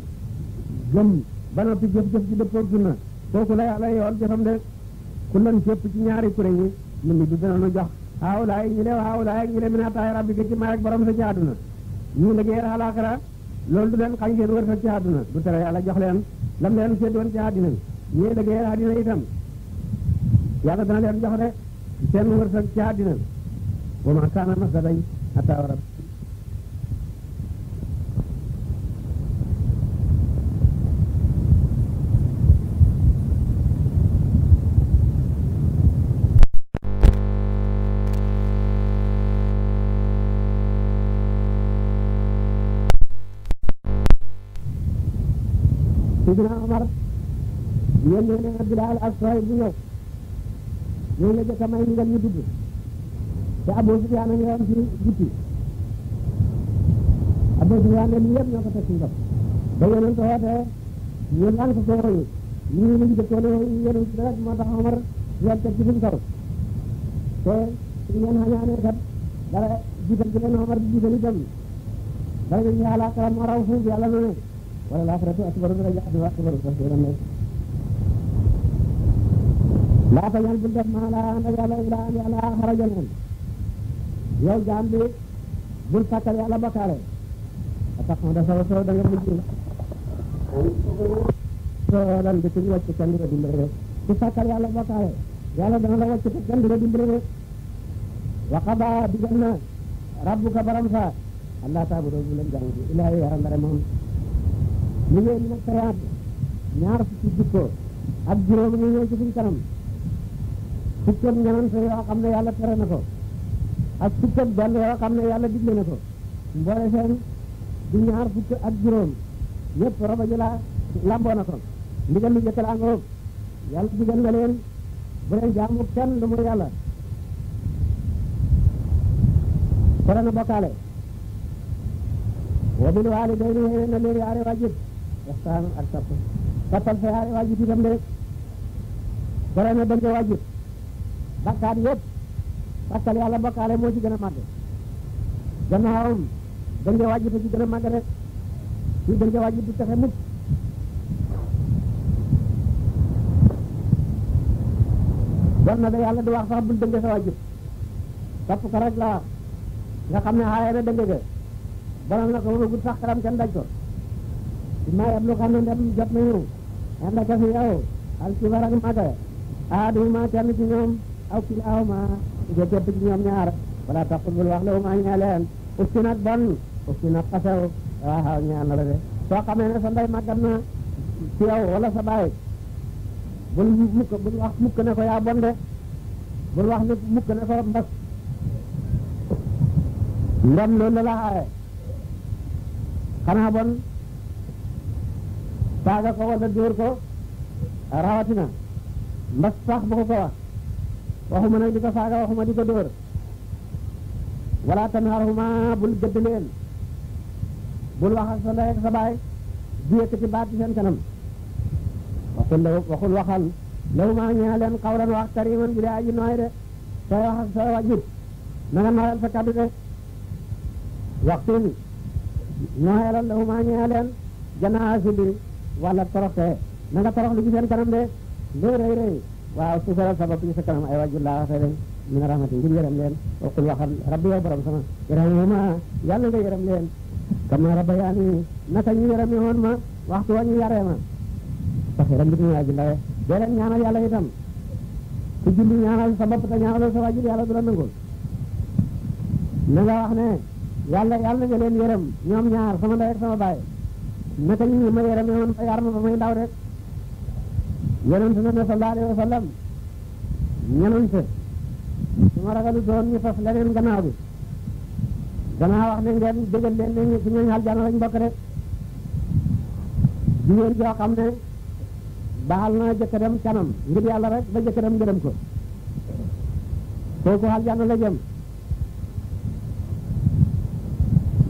gëm ba noppi jëf-jëf ci dëppoo sunna kooku la yàlla yool jëfam de ku lan fépp ci ñaari kuréel yi mu ngi di dana nu jox haawlaay ñi le haawlaay ñi le mi naa taay rabbi ga ci may ak borom sa ci àdduna ñu liggéeyal alaxira loolu du leen xañ ngeen wër sa ci àdduna du tere yàlla jox leen lam leen seddoon ci àddina bi ñii liggéeyal àddina itam yàlla dana leen jox de seen wërsëg ci àddina wa ma kaana masalañ hatta warab Seydina Omar ñoom ñoo ne Bilaal ak Suhayb bu ñëw ñoo la jëkk a may ngeen ñu dugg te Abu Sufyaan a ñëwoon ci guddi Abu Sufyaan ne lii yëpp ñoo ko teg ci ndox ba yonent wootee ñu lan ko kooroñu ñu ñu jëkkoon yonent dara moo tax Omar yol teg ci suñu kaw te suñu leen xañaanee kat dara jiital ci leen Omar di jiital itam dara ñu yàlla karam moo raw fuuf yàlla na ne وللآخرة أكبر درجة أكبر تفسيرا منه لا تجعل جلدك معنا أن يجعل إلى أن يعلى خرج منه yow jaam bi bul fàttal yàlla bakkaare a tax ma dafa soo da nga mujj soo dan bi ci wàcc kenn di la dimbali rek ku fàttal yàlla bakkaare yàlla dana la wàcc te kenn di la dimbali rek wa qada digal na rabbuka baram sa allah taabu doo bu leen jàng bi ilaa yaram dara moom ñu ñëw ñu nag taraat ñaar fukki jikko ak juróom ñu ñëw ci suñ kanam fukkat ñanan sa yoo xam ne yàlla tere na ko ak fukkat benn yoo xam ne yàlla digle na ko mboole seen di ñaar fukk ak juróom ñëpp roba ji la lamboo na ko ndigal lu jëkkal angoog yàlla digal na leen bu leen jaamu kenn lu muy yàlla bokkaale wa bil leen wajib waxtaan ak topp toppal sa yaari waajur itam de borome bañ ko waajur bakkaat yëpp fàttal yàlla bokkaale moo ci gën a màgg gannaawam bañ ko waajur ci gën a màgg rek ñu bañ ko na da yàlla du wax sax bul sa waajur topp ko la wax nga xam ne xaaye na dënge ga borom na ko ba karam kenn ko ما يبلغن ndem jot nañu anda ca fi yow al kibar ak maga adu ma tan ci ñoom aw ci aw ma je jot ci ñoom ñaar wala taqul wax la ma ñaleen usinat ban usinat qasaw aha ñaan la de so xamé ne sa nday magal na ci yow wala sa bay bul mukk bul wax mukk ne ko ya bon de bul wax mukk ne ndam la xana bon saaga ko wala dóor ko rawatina mbas sax bu ko ko wax waxuma nag di ko saaga waxuma di ko dóor wala tanharhuma bul gëdd leen bul wax ak sa ndey ak sa baay di yëkkati baat ci seen kanam waxul la waxul waxal lawuma ñaa leen xawlan wax kariman bi daa ji nooy de sooy wax ak sooy wajjut na nga nooyal sa kaddu de waxtu mi nooyalal lawuma ñaa leen janaa si biri wala toroxte na nga torox lu ci seen kanam de loo rëy rëy waaw suufalal sa bopp sa kanam ay wajju laa waxee leen min rahmati ngir yërëm leen wa qul waxal rabbi yow borom sama irhamhuma yàlla nga yërëm leen kama rabbayaani naka ñu yërëmi woon ma waxtu wa ñu yaree ma saxiira mbir mi waju ndawe dee leen ñaanal yàlla itam ku julli ñaanal sa bopp te ñaanaloo sa wajur yàlla du na nga wax ne yàlla yàlla nga leen yërëm ñoom ñaar sama ndey ak sama baay naka ñu ma yarame woon te yar ma ba may ndaw rek yonent na ne sallallahu alayhi wa sallam ñenante su ma ragalu doon ñu fas leneen gannaaw bi gannaaw wax ne ngeen dëggal leen ne ci ñooñ aljana lañ bokk rek jigéen joo xam ne baal na jëkkëram kanam ngir yàlla rek ba jëkkëram gërëm ko kooku aljana la jëm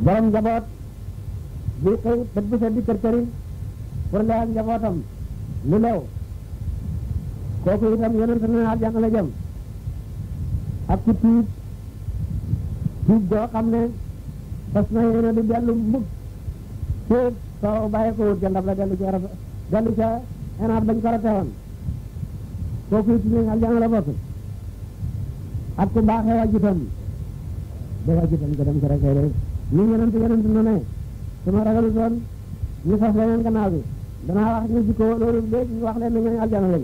borom njaboot buy xëy bët bu set di kër këri pour layal njabootam lu lew kooku itam yonent na àjjana la jëm ak ku tuub tuub goo xam ne fas na yéene di dellu mukk tuub soo bàyyi ko wut jandab la dellu ca rafet dellu ca enaat ko rate woon kooku it ñu àjjana la bokk ak ku baaxee wàjjitam ba wàjjitam ko dem ko rek rek ñu yonent yonent na ne su ma ragalu doon ñu fas bi danaa wax ñu jikko loolu léegi wax leen ne ñooñu aljana lañ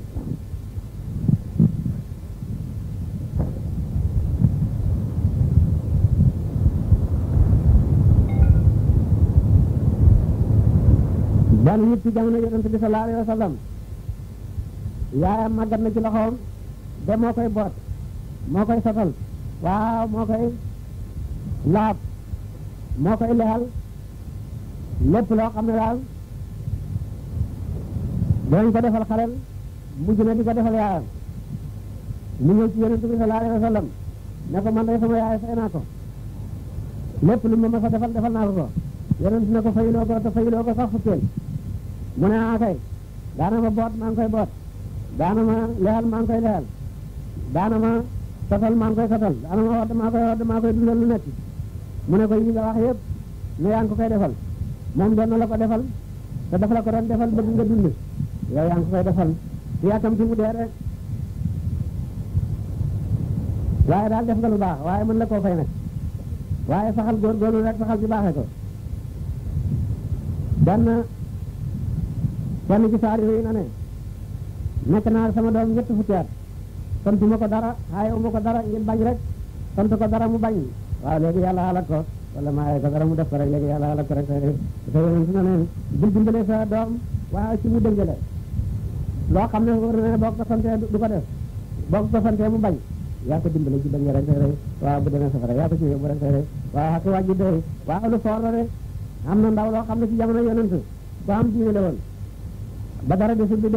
benn nit ci jamono yonent bi sallallahu alayhi wa sallam yaayam màggat na ci moo koy boot moo koy sotal waaw moo koy laab moo koy lexal lépp loo xam ne daal dooñ ko defal xalel mujj na di ko defal yaayam mu ñëw ci yonent bi sallallahu alayhi wa sallam ne ko man day sama yaay fay naa ko lépp lu ma ma sa defal defal naa ko ko yonent ne ko fayiloo ko te fayiloo ko sax fukkeel mu ne a ah, kay daana ma boot maa ngi koy boot daana ma lehal maa ngi koy lehal daana ma satal maa ngi koy satal daana ma wodd maa koy wodd maa koy dundal lu nekk mu ne ko yi nga wax yëpp ne yaa ngi ko koy defal moom doon na la ko defal te dafa la ko doon defal bëgg nga dund yow yaa ngi koy defal yaatam ci mu dee rek waaye daal def nga lu baax waaye mën la koo fay nag waaye saxal góorgóorlu rek saxal ci baaxee ko benn benn ci saar yooyu na ne nekk naa sama doom ñett fukki at sant ma ko dara xaaye uma ko dara ngir bañ rek sant ko dara mu bañ waaw léegi yàlla xalaat ko wala maa ay dara mu def ko rek léegi yàlla alal ko rek te yonent na ne bul dimbale sa doom waaw ci mu dëngale loo ne ne boo ko santee def boo ko santee mu bañ yaa ko dimbale ci bañ rek rek waaw bu demee safara yaa ko ci yóbbu rek rek waaw ak wàjji de waaw lu foor la am na ndaw loo xam ne ci jamono yonent bu am diine ba dara desul bi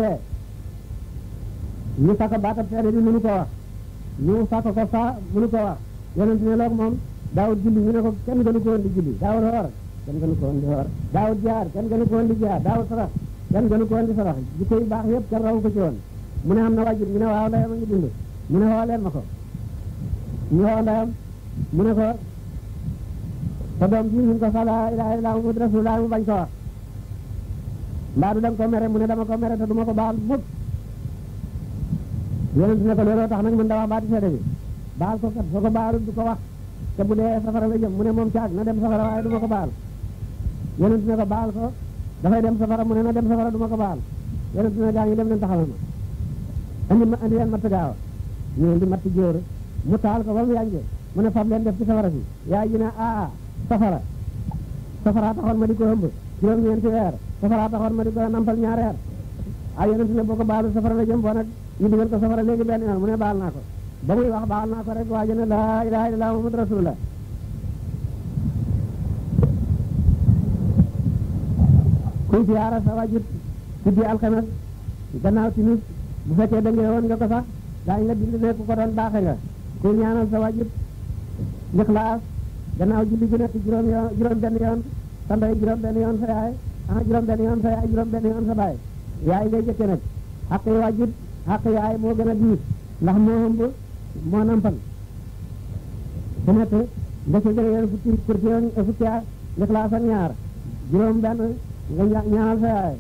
ñu fàq baatab seede bi mënu ko wax ñu fàq ne loog moom daawut julli ñu ne ko kenn gënu ko woon di julli daawut woor kenn gënu ko woon jaar kenn gënu ko woon di jaar daawut sarax kenn gënu ko di sarax jikko yu baax yëpp kenn rawu ko ci woon mu ne am na wajur mu a ngi dund mu ne woo leen ma ko ñu woo ne ko sa doom ji ñu ko fa laa ilaaha illallaa Muhammadu rasuulullaah mu bañ ko wax mbaa du danga ko mere mu ne dama ko mere te du ma ko baal mukk yonent ne ko looloo tax nag mën da wax baati seede bi baal ko kat soo ko baalul du ko wax te bu dee safara la jëm mu ne moom caag na dem safara waaye du ma ko baal yonent ne ko baal ko dafay dem safara mu ne na dem safara du ma ko baal yonent ne gaa ngi dem leen taxawal ma andi ma andi leen matt gaawa ñu indi matt jóor mu taal ko ba mu yànje mu ne fab leen def ci safara si yaay ji ne aa ah, ah, safara safara taxoon ma di ko hëmb juróom-ñeenti weer safara taxoon ma di ko nampal ñaareer ay yonent ne boo ko baalu safara la jëm boo nag ñu digal ko safara léegi benn yoon naa ko ba muy wax baal naa ko rek waaje ne laa ilaha illallah muhammad rasulullah kuy siyaara sa wajur tuddi alxames gannaaw timis bu fekkee da ngee woon nga ko sax daañ la bind ne ku ko doon baaxe nga kuy ñaanal sa wajur ixlaas gannaaw julli gu nekk juróom yoon juróom yoon sa ndey juróom benn yoon sa yaay ah juróom yoon sa baay yaay ngay jëkke nag xaq yi wajur yaay moo gën diis ndax moo ëmb moo nampal xamat nga ca jëlee fukki fukki yoon fukki ak lixlaas ak ñaar juróom benn nga sa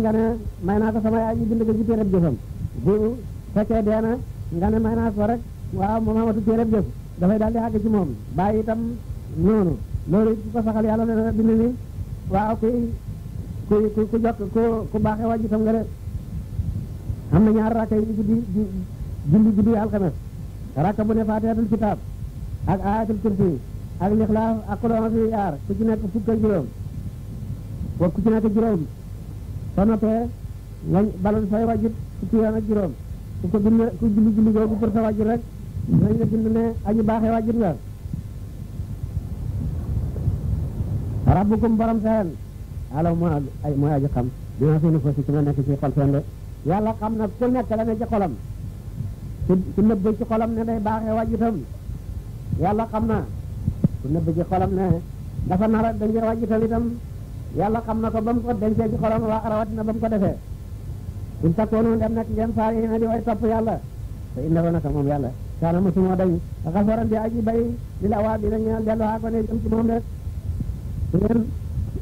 nga ne may ko sama yaay bind ko ci téereb jëfam bu na nga ne may naa ko rek waaw moom amatu téereb jëf dafay daal di àgg ci moom bàyyi itam noonu loolu ku ko saxal bind ni waaw ku ku ku jokk ku ku baaxee wàjj itam nga de am na ñaar julli ji bi alxames raka bu ne fatihatul kitab ak ayatul kursi ak lixlaaf ak xulona fi yaar ku ci nekk fukk ak juróom wa ku ci nekk juróom soo noppee nga balal say wajjit fukki yoon ak juróom ku ko bind ku julli julli googu pour sa wajjit rek dinañ la bind ne aji baaxee wajjit la rabbukum borom seen ay mooy aji xam dina fi ne fa ci nekk ci xol seen de yàlla xam na ku nekk la ne ci xolam su su nëbba ci xolam ne day baax baaxee wàjjutam yàlla xam na su nëbba ci xolam ne dafa nar a danger wàjjutam itam yàlla xam na ko ba mu ko dencee ci xolam waa rawatina ba mu ko defee in takkoonu dem nekk ngeen saar yi na di way topp yàlla te indaroon naka moom yàlla kaana mosuma dañ xasoran di aji bay di la waa bi na ñeel delluwaa ko ne jëm ci moom rek su ngeen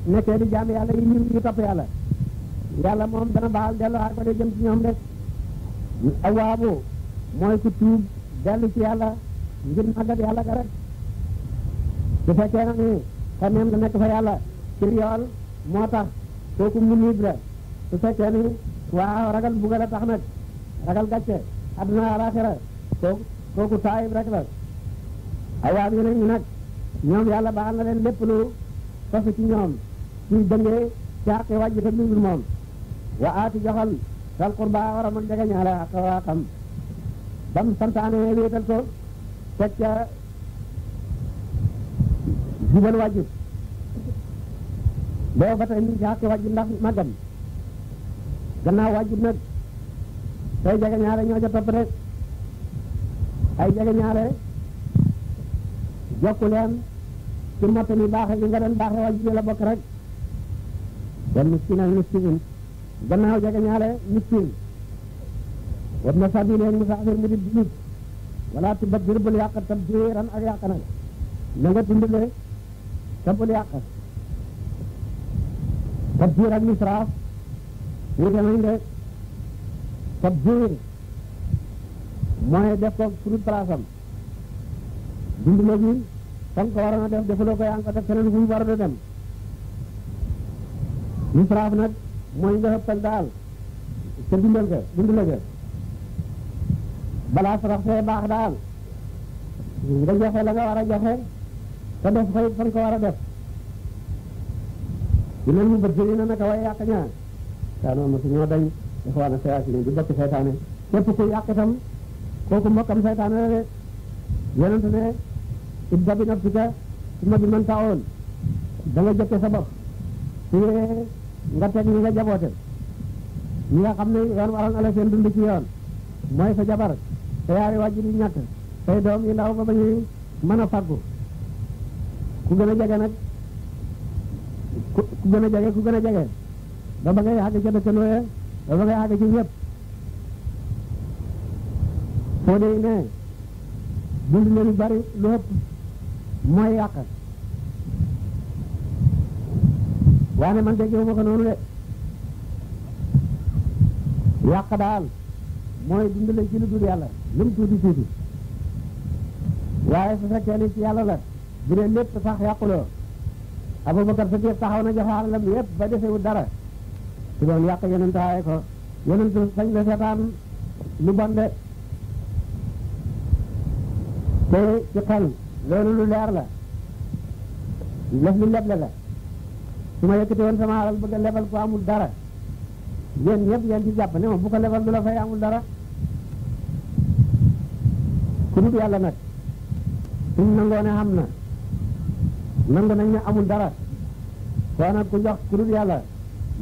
nekkee di jaam yàlla yi ñun ñu topp yàlla yàlla moom dana baal delluwaa ko ne jëm ci ñoom rek awaabu mooy ku tuub dellu ci yàlla ngir màggat yàlla ga rek su fekkee na ni xemeem la nekk fa yàlla ci yool moo tax kooku mu niib la su fekkee ni waaw ragal bugal a tax nag ragal gàcce adduna alaxira kooku kooku taayib rek la ay waam yeneen ñi nag ñoom yàlla baal na leen lépp lu fasu ci ñoom ci dëngee ci àqi wàjj te moom wa aati joxal sal qurba war a mën jegeñaale àq waa xam bam santane wéetal ko teg ca jubal wàjju boo ba tey mi ci xàqi wàjju ndax magam ganna waji nak tay jaga ñaare ñoo ca top rek ay jaga ñaare jokku len ci motta ni baax gi nga doon baax waji la bok rek wal miskin al miskin gannaaw jege ñaare miskin wabna sabileen musaafir mu di julit wala tubadir bul yàq tabdiran ak yàq nag na nga tindale te bul yàq tabdir ak misraaf wute nañ de tabdir mooy def ko furu palaasam dindale gi fam ko waroon a def defuloo ko yaa ngi ko def keneen fu dem nga daal ga ga balaa sarax see baax daal nga joxe la nga war a joxe def ko it fan ko war a def dinañ mu bët jëli na naka way yàq ñaar daanoo mosu ñoo dañ dafa war a seyaatini di bokk seytaane képp ku yàq itam kooku mbokkam seytaane la de yonent ne ibda bi nafsika suma bi man taoon da nga jëkke sa nga teg nga jaboote ñi nga xam ne yoon waroon ala seen dund sa jabar te yaari wàjji di ñàkk doom yi ndaw ba ba ñuy mën a faggu ku gën a jege nag ku gën a jege a jege ba ba ngay àgg ca dëkkandoo ya ba ba ngay àgg ci ñëpp foo dee ne dund lu bari lu ëpp mooy yàq waaye man déggewuma ko noonu daal mooy dundale ci lu dul yàlla lu mu tuuti tuuti waaye su fekkee ni ci yàlla la bu dee lépp sax yàquloo Abubakar Sadiq taxaw na joxe alalam yépp ba defewu dara su doon yàq ta waaye ko yonent sañ la seetaan lu bon te ci xel loolu lu leer la lef lu leble la su ma yëkkati woon sama alal bëgg lebal ko amul dara yen ñëpp yen ci japp ne ma bu ko lebal dula fay amul dara ku dul yalla nak suñ nangoo ne amna na nañ ne amul dara ko nag ku jox ku dul yalla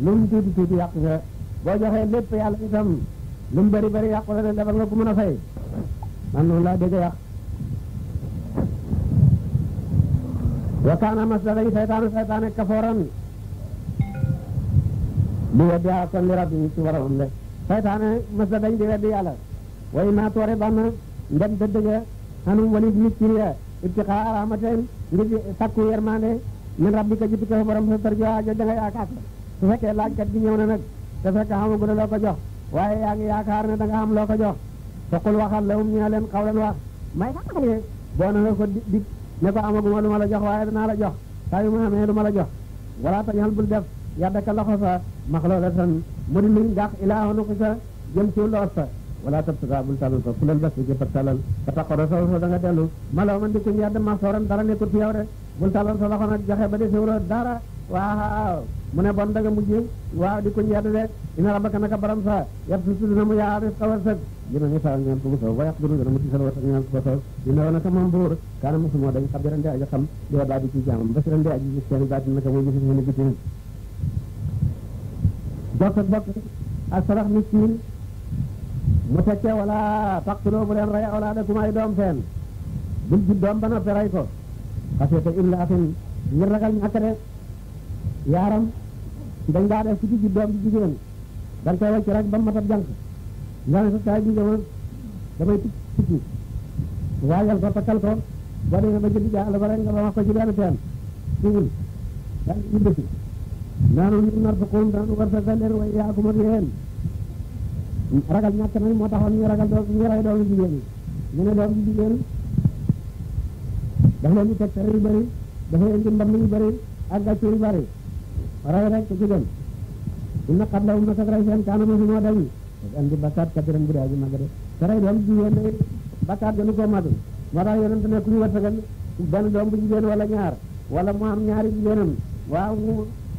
lu mu tuuti tuuti yàq nga bo joxe lepp yalla itam lu bari bari yàqu la ne lebal nga ku mën fay man noonu laa dégg yàq wa kana masdara yi seytaanu seytaane kaforan di weddi yàlla kon li rabbi ci boromam de saytaane mas da dañ di weddi yàlla way maa toore banna ndem dëddëga xanum walit nit ci ya ibtiqaa rahmatin ngir sakku yermande min rabbi ka jitti ko borom sa tarjoa jo da nga yaakaar su fekkee laajkat bi ñëw na nag te fekk xamagu la loo ko jox waaye yaa ngi yaakaar ne da nga xam loo ko jox foqul waxal la um ñu ne leen xawlan wax may xaxne boo na nga ko dig ne ko amaguma lu la jox waaye danaa la jox saa yu ma ma la jox wala tañal bul def yaddaka loxo fa maxloolatan mu di luñ dàq ilaa onuqi sa jëm ci loos sa wala tabsata bul talal ko kulal bas jëppat talal ba taqora sa loxo da nga dellu maloo man dikkuñ dara nekkut ci yow de bul talal sa di kuñ yedd de ina rabaka naka baram sa yab su mu yaa ris xawar sëg dina ñu saal ñaan ko bu soow wayax dunu dana mu tisal wata ñaan ko soow dina wana ka moom buur kaana mosumoo dañ xabiran de wa di ci jaamam basiran de aji bokk ak bokk miskin mu tekke wala taqtuloo bu leen rey wala ay doom seen bul ji doom ba noppi rey ko xasee te illa atin ngir ragal ñàkk de yaaram dañ daa def ci ci doom ji jigéen dañ koy wacc rek ba matab jànk nga ne sa taay bi jëma damay tukki tukki waajal ko takkal ko boo naanu ñu nar fa koom daanu war sa leen way yaa guma yéen ragal ñàkk nañ moo taxoon ñu ragal doom ñu ray doomu jigéen yi ñu ne doomu jigéen daf leen di teg tere yu bëri dafa leen di mbam yu bëri ak gàcce yu bëri ray rek ci dem bu na xam lawum na sag ray seen kaanama su moo dañ am di bakkaat kabiran bu daa ji mag de te ray doomu jigéen day bakkaat gënu koo mag moo tax yonente ne ku ñu war sagal benn doom bu jigéen wala ñaar wala mu am ñaari jigéenam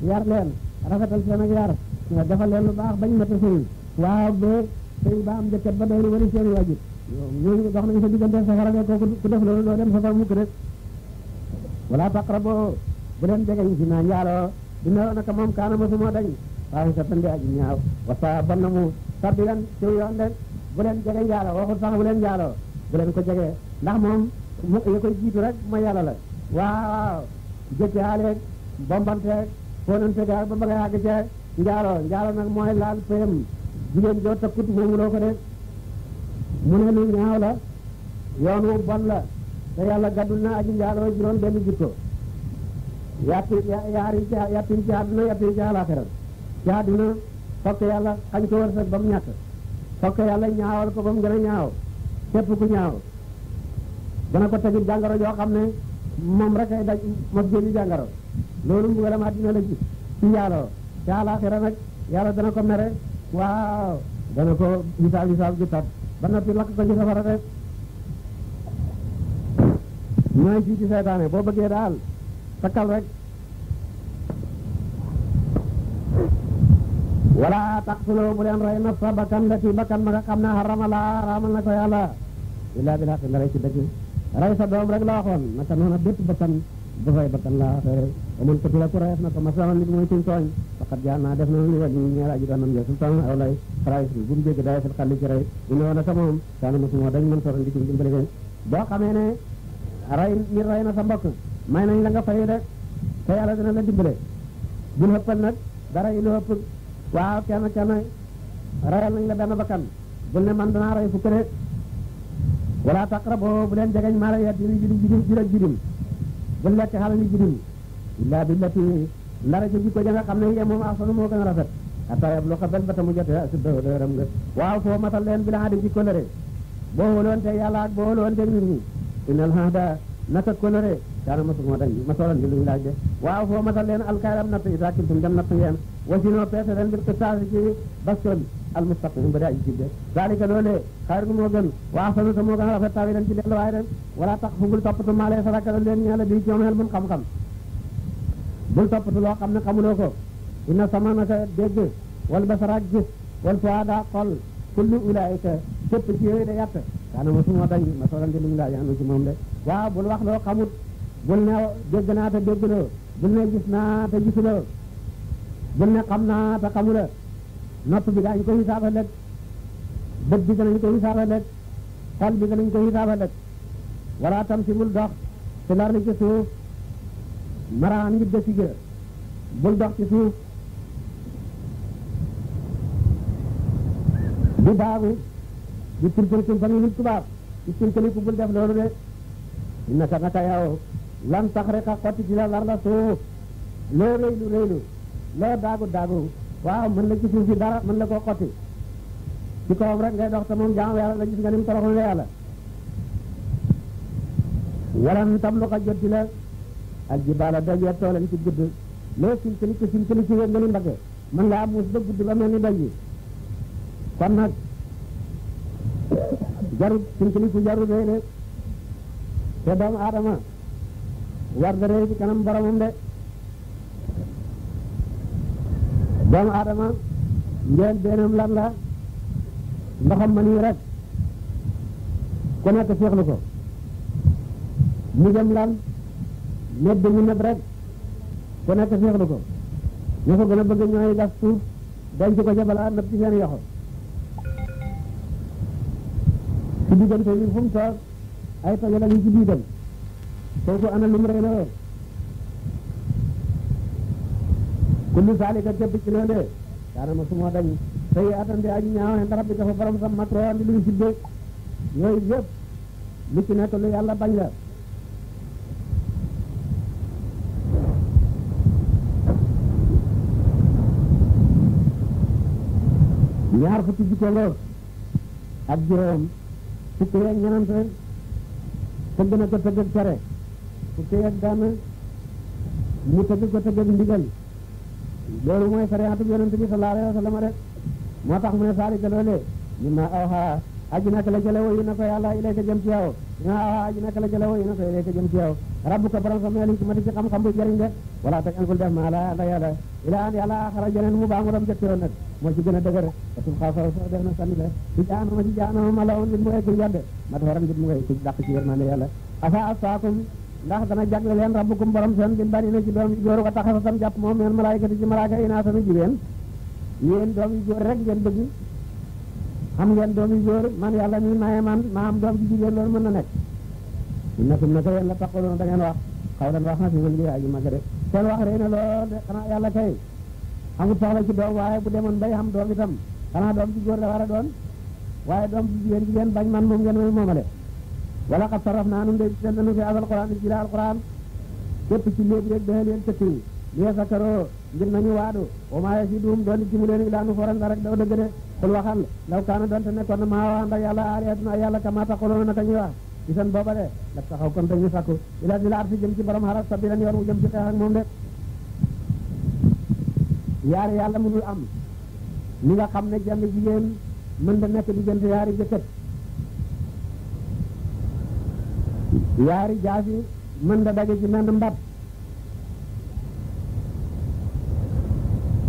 yar len rafetal seen ak yar nga defal len lu bax bañ te sëriñ wa ba sey ba am jëkkat ba doon wari wajib ñoo ñu dox nañu sa digënde sa xara ko ku def loolu doo dem safara mukk rek wala taqrabu bu leen jegeñ ci naa njaaloo dina naka mom kaana suma dañ waaye sa tande aji ñaaw wa sa banamu mu ci yoon de bu len jege ñaaro waxu sax bu len ñaaro bu len ko jégué ndax mom mu ya jitu rek ma yalla la waaw jëccaaleeg bombanteeg foonan sa gaar ba bëgg a àgg ca njaaro njaaro nag mooy laal payam jigéen joo takkut moomuloo ko de mu ne lu ñaaw la yoon wu bon la te yàlla gaddul na aji njaaroo juróom benn jikko yàppi yaari yàppin ci àdduna yàppin ci àllaaxira ci àdduna fokk yàlla xañ ko wërsëg ba mu ñàkk fokk yàlla ñaawal ko ba mu gën a ñaaw képp ku ñaaw dana ko tegit jàngoro joo xam ne moom rek ay daj mos jëli jàngoro lolu loolu ma dina la ci ci yàlla ci alaxira nak yàlla dana ko mere waaw dana ko misal misal gi tat ba noppi lak ko ci safara rek may ci ci setané bo bëggee dal takal rek wala taqtulu mu len ray nafsa bakkan lati bakkan ma nga harama la haramal na ko yàlla illa bil haqi nga ci dëgg ray sa doom rek la waxoon na tanona bëpp bakkan dafay bakkan la xere amun katila ko rayef na ko masalan ni moy tin togn fakat jaana def na ni wadi ni ñeela ji nam ya sultan aw lay farais bi bu jégg daay fal xali ci ray ni wona sa mom taana musu mo dañ man toran di ci dimbali ben bo xame ne ray ni ray na sa mbokk may nañ la nga fay rek te yalla dina la dimbele bu leppal nak dara yi lepp waaw kenn kenn ray nañ la benn bakkan bu ne man dana ray fu kere wala taqrabu bu len jegañ mala yaddi ni jidim jidim jidim bul lekk xalali jirim illaa billati ndara ci jikko ja nga xam ne yee moom asanu moo gën a rafet atayab lu xabal ba tamu jote asib doo dëram nga waaw foo matal leen bi la xaadi jikko re boo wóoloonte yàlla ak boo wóoloonte nit ñi inal hada naka ko naree daana mosuma dañ masolan ci luñu laaj de waaw foo masal leen alkaaram natt yi saakil tum dem natt ngeen wasinoo peese leen mbir qisaasi ci baston almustaqim ba daa jib de dalika loolee xayrun moo gën waaw sanu ta moo gën a rafet tawi den ci delluwaay den wala tax fu bul toppatu maa lay saraka leen ñeela bii coomeel mun xam-xam bul toppatu loo xam ne xamuloo ko inna sama naka dégg wal basara gis wal fuaada xol kullu ulaayika képp ci yooyu de yàtt daana mosuma dañ masolan ci luñu laaj anu ci moom de waaw bul wax loo xamut bul ne dégg naa te dégguloo bul ne gis naa te gisuloo bul ne xam naa te xamula nopp bi daañu ko hisaab ëllëg bët bi danañ ko hisaab ëllëg xol bi danañ ko hisaab ëllëg wala tam si bul dox si lar ci suuf maraan ngi desiga bul dox ci suuf di daagu di turkaliku ba ngi nit tubaab di turkaliku bul def loolu de naka naka yow lan taxriqa xotti ci la lar la suuf loo rëylu rëylu loo daagu daagu waaw mën la ci suuf si dara man la ko xotti ci kawam rek ngay dox te moom jaamu yàlla la gis nga ni mu toroxlu yàlla walan tam lu ko jot ci la ak jibaala doj yettoo leen ci gudd loo silkili ci silkili ci wér nga ni mbagge mën ngaa ba gudd ni doj yi kon nag [COUGHS] jarut silkili ci jarut te doomu aadama war da réy ci kanam de doomu aadama njël beenam lan la ndoxam ma nii rek ku nekk féexlu ko mu jëm lan net bi ñu neb rek ku nekk féexlu ko ñu ko gën a bëgg ñooy gas suuf denc ko ca balaa nëb ci seen yoxo ci diggante bi fu mu toog ay toñalam yi ci biitam kooku ana lum reyloo eh? kullu zalika jëpp eh. ci loolee dara ma suma dañ tay atan di ay ñaaw en dara bi dafa borom sam matro di ci be. yooyu yëpp lu ci nekk lu yalla bañ la ñaar ci ko lo ak juróom fukki ñaan tëgg na ko tëgg ak tere fukki ak benn mu tëgg ko tëgg ak loolu mooy sariyaatu yonent bi sallallahu alayhi wa sallam rek moo tax mu ne saalika loolee mimma awha aji naka la jële woyu na ko yàlla ilayka jëm ci yow a aji naka la jële woyu na ko ilayka bu jëriñ de wala taj an def ma la la yàlla ila an yàlla ram jëkkiroon nag moo ci gën a dëgër atum xaw saw def na sànni la ci jaanama ma la woon ngir mu ngay kuñ ma dafaram ngir mu ngay kuñ dàq ci yërmande ndax dana jagle leen rabbukum borom seen bi bari na ci doom yu góor wa taxasatam jàpp moom meen malaayikati ci malaaka inaa sama jigéen yéen doom yu góor rek xam ngeen doom yu góor man yàlla mi maye man ma na nekk la taquluna da ngeen wax xawlan wax na fi wul gi aji mag de wax rëy na lool de xanaa yàlla kay amul soxla ci doom waaye bu demoon bay xam doom itam xanaa doom ju góor la war a doon waaye doom ju jigéen jigéen bañ man moom ngeen may moomale wala xad sarraf naa num de seen danu fi asal quran di jila alquran képp ci léegi rek dana leen sa karoo ngir nañu waadu o maaye si duum doon di kul waxal law kaana donte nekkoon na maa waxan ak yàlla aariatuna yàlla kamaata xoloona naka ñuy wax gisan booba de daf taxaw kon dañu sàkku ila di la arsi jëm ci borom xaras sabiran yoon wu jëm ci xeex ak moom de yaari yàlla ya mënul am ni nga xam ne jenn jigéen mën da nekk diggante yaari jëkkër yaari jaasi mën da daje ci alam dek.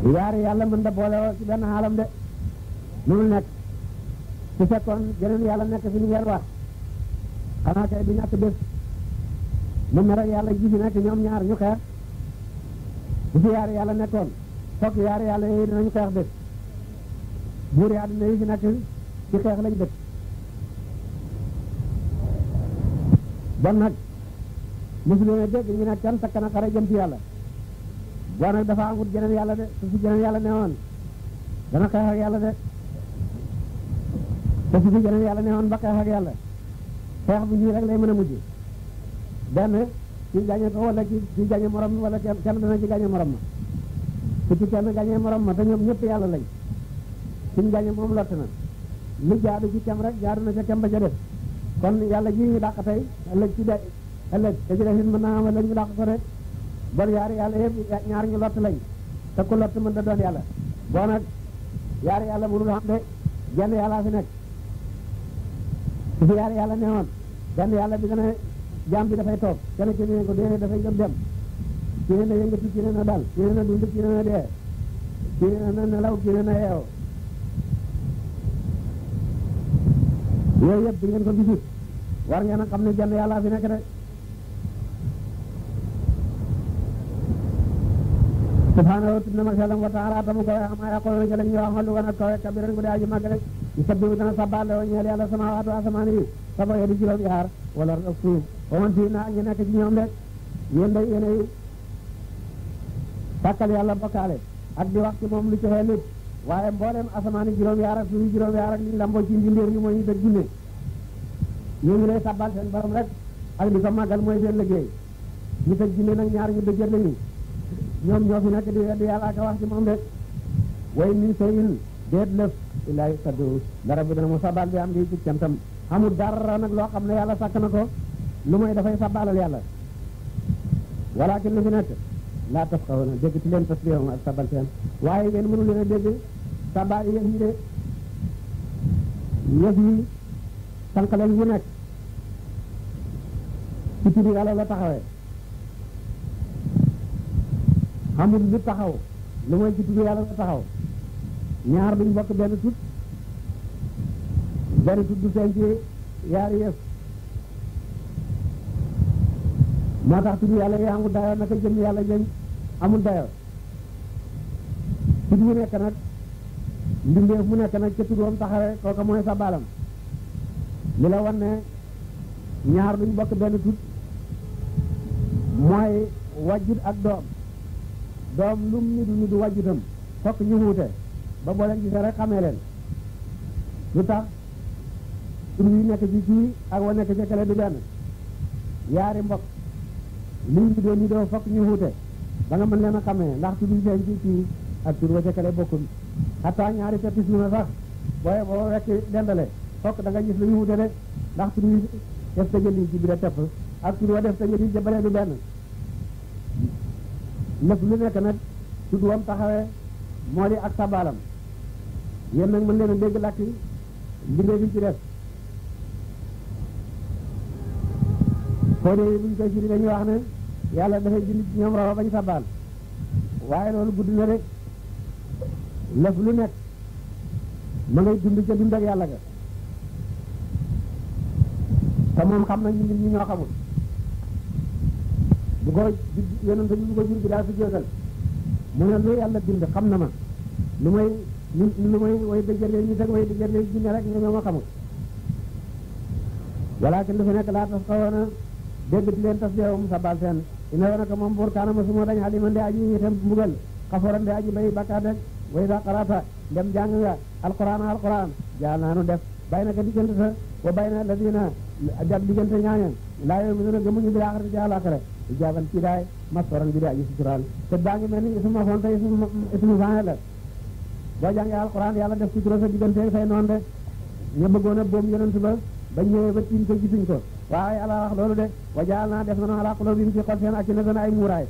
mën da ci de mënul nekk su fekkoon geneen yàlla nekk fi lu weer wax xanaa kay du ñàkk bés mu meral yàlla ji fi nekk ñoom ñaar ñu xeex bu fi yaari yàlla nekkoon fokk yaari yàlla yooyu dinañu xeex bés buur yi àdduna yi fi nekk ci xeex lañ dëkk bon nag mosuloon a dégg ñu ne kan takk na xare jëm ci yàlla nag dafa amut geneen yàlla de su fi geneen yàlla newoon dana xeex ak yàlla de te su fi yeneen yàlla ne woon ba xeex ak yàlla xeex bi ñii rek lay mën a mujj benn ci gàñe ko wala ci ci gàñe morom wala kenn dana ci gàñe morom ma su ci kenn ma te ñoom ñëpp yàlla lañ suñ gàñe moom lott na lu jaadu ci rek jaadu na ca kem ba ca def kon yàlla ji ñu dàq tey ëllëg ci de ëllëg te ci def it mën naa am ëllëg ñu dàq ko rek bon yaari yàlla yëpp ñaar ñu yàlla boo nag yaari yàlla mënul xam de genn yàllaa fi nekk su fi yàlla yàlla newoon benn bi gën a jaam bi dafay toog gën a ci ne ko déedéet dafay gëm dem ci ne na yëngatu ci ne na dal ci ne na dund ci na dee ci na nelaw ci na yeew yooyu yëpp di ngeen ko gisit war ngeen a xam ne jenn yàlla fi nekk de subhaanahu wa ta'ala wa ta'ala tamu koy ama yaquluna ci lañuy wax ma lu gën a kawe kabiran bu dee aji màgg rek yusabbihu dana sabal la ñeel yàlla samawaatu asamaan yi saba ya di juróom yaar wala ak suuf wa oh, man fii naa ñu nekk ci ñoom rek yéen day yéenay sàkkal yàlla bokkaale ak di wax ci moom lu joxee lépp waaye mboolem asamaan yi juróom yaar ak suuf yi juróom yaar ak liñ lamboo ci mbindeer yi mooy ñu dëgg ne ñoo ngi lay sabbal seen borom rek ak di ko màggal mooy seen di wedd yàlla ak wax ci moom rek illaa sa saddu dara bi dana mu sabal bi am di ci cantam amul dara nag loo xam ne yàlla sàkk na ko lu mooy dafay sabalal yàlla walakin lu fi nekk laa taf xaw na dégg ci leen tasbiham ak sabal seen waaye yéen mënu leen a dégg sabal yëf yi de yëf yi nekk ci tudd yàlla la taxawee amul lu taxaw lu mooy ci tudd yàlla la taxaw ñaar duñ bokk benn tut benn tut du feeñ ci yaari yëf moo tax tudd yàlla yi dayo naka jëm yàlla jëm amul dayo tudd mu nekk nag mbindeef mu nekk nag ca tuddoom taxare kooka mooy sa baalam li la wan ne ñaar duñ bokk benn tut mooy wajjut ak doom doom lum nidu nidu wajjutam fokk ñu wuute ba bo len ci dara xamé len lu tax tur yi nekk ci ci ak wa nekk ci kala du ben yaari mbokk liñ ñu do ñu do fakk ñu wuté ba nga mën leena xamé ndax ci ñu feeñ ci kii ak ci wa kala kale hatta ñaari ci ci na sax booye boo rekk dendale fakk da nga gis lu ñu wuté de ndax ci ñu def sa jël ci bi da tepp ak ci wa def sa jëli jëbalee du ben nak lu nekk nak ci wam taxawee moo ak sabalam yéen nag mën leen a dégg làkk mbindee bi ci def foo dee buñ koy firi dañuy wax ne yàlla dafay bind ci ñoom rawa bañ sabal waaye loolu gudd na rek lëf lu nekk ma ngay dund ca dund ak yàlla ga te moom xam nañ nit ñi ñoo xamul bu ko jur bi daal su jootal mu ne lu yàlla bind xam na ma lu may ñu lu may way dëjërle ñu teg way dëjërle jinne rek nga ñoom a xamul walaa kenn du fi laa tas xawoona dégg di leen tas deewum sabal seen ina woon naka moom buur kaana ma suma dañ xalima nde aji ñi tam mbugal xafoora nde aji bay bakkaar rek way da xaraata dem jàng nga alquran alquran jaal naa nu def bay na ka diggante sa wa bay na ladina jab diggante ñaaña laa yooyu mu dina gëmuñu bi laaxara ci àlaxara ijaaban daay mastoran bi di aji sutural te daa ngi ni boo jàngee alxuraan yàlla def sutura sa digganteeg say noon de ña bëggoon a boom yonent ba ba ñëwee ba tiim ko gisuñ ko waaw yàlla wax loolu de wa naa def na noonu ala qulubihim ci seen ak ci ay muuraay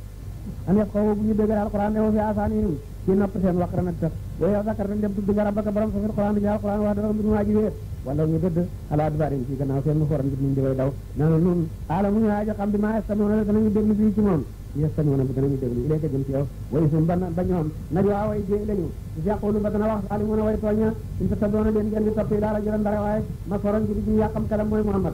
aneef ko bu ñu déggal alxuraan de fi asaanihim ci nopp seen wax ran ak tax yow yow tudd nga rabbaka borom sa fil xuraan di wax dafa mbir maa ji wéet wala ñu dëdd ala adbaarihim ci di way daw nanu nun mu ñu yastamuna bu danañu déglu ilayka jëm ci yow way sum ba ba ñoom yaqulu ba wax salimuna way tooña in tatabiuna leen ngeen di topp yi daala jëlan dara waaye ma ji di ji yàqam kalam mooy Muhammad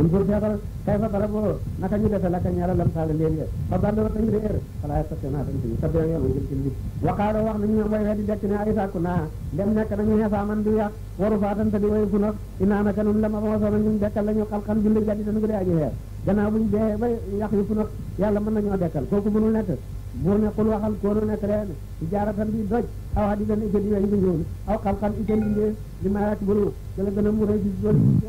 bul bul seetal kay fa dara boo naka ñu defe laka ñaala lam sala leen ye fa dalloo tañu réer falaa satena tañu sa bee yoon ngir ci nit waqaalo wax nañu ñoom way weddi dekk ne ay sàkku naa dem nekk nañu xesaaman di yàq waru faatante di way gunax inaanaka nun la ma moosona ñun dekkal la ñu xam-xam julli jadi tan gu dee aji xeer gannaaw buñu dee bay yàq yu funax yàlla mën nañoo buur ne xul waxal kóono nekk ren tijaaratan bi doj aw hadidan itam yooyu bi ñëw aw xam-xam itam bindee li ma yàcc bu nu da la gën a muree ci dool ci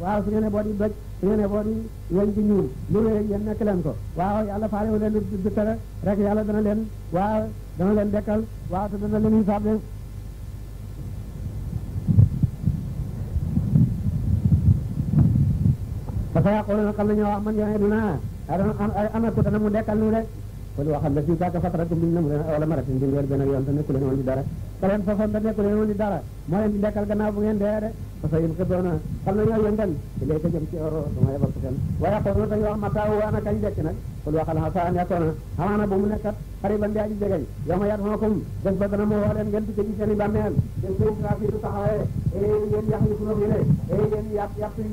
waaw su ngeen ne boo di doj ngeen ne boo di weñ ñuul lu rëy yéen nekk leen ko waaw yàlla faale wu leen di tere rek yàlla dana leen waaw dana leen dekkal waaw te dana leen hisaab de dafa yàqoo na xam nañoo wax man yone duna ah. ana ku dana mu dekkal nu de kul waxal la fii kaaka fatratin biñ nam leen wala maratin biñ leen benn yoon te nekku leen woon di dara te leen façon te nekku leen woon di dara moo leen di dekkal gannaaw bu ngeen dee de parce que yéen na ñoo yëngal i léy na dañu wax mataaw waana kañ bu mu nekkat xariban di aji jegey yow ma yaat xookum des moo woo leen ngeen tukkee ci seen i bàmmeel ngeen seen trafi du taxawee yéen yax yi sunof ne yéen eh yàq yàq eh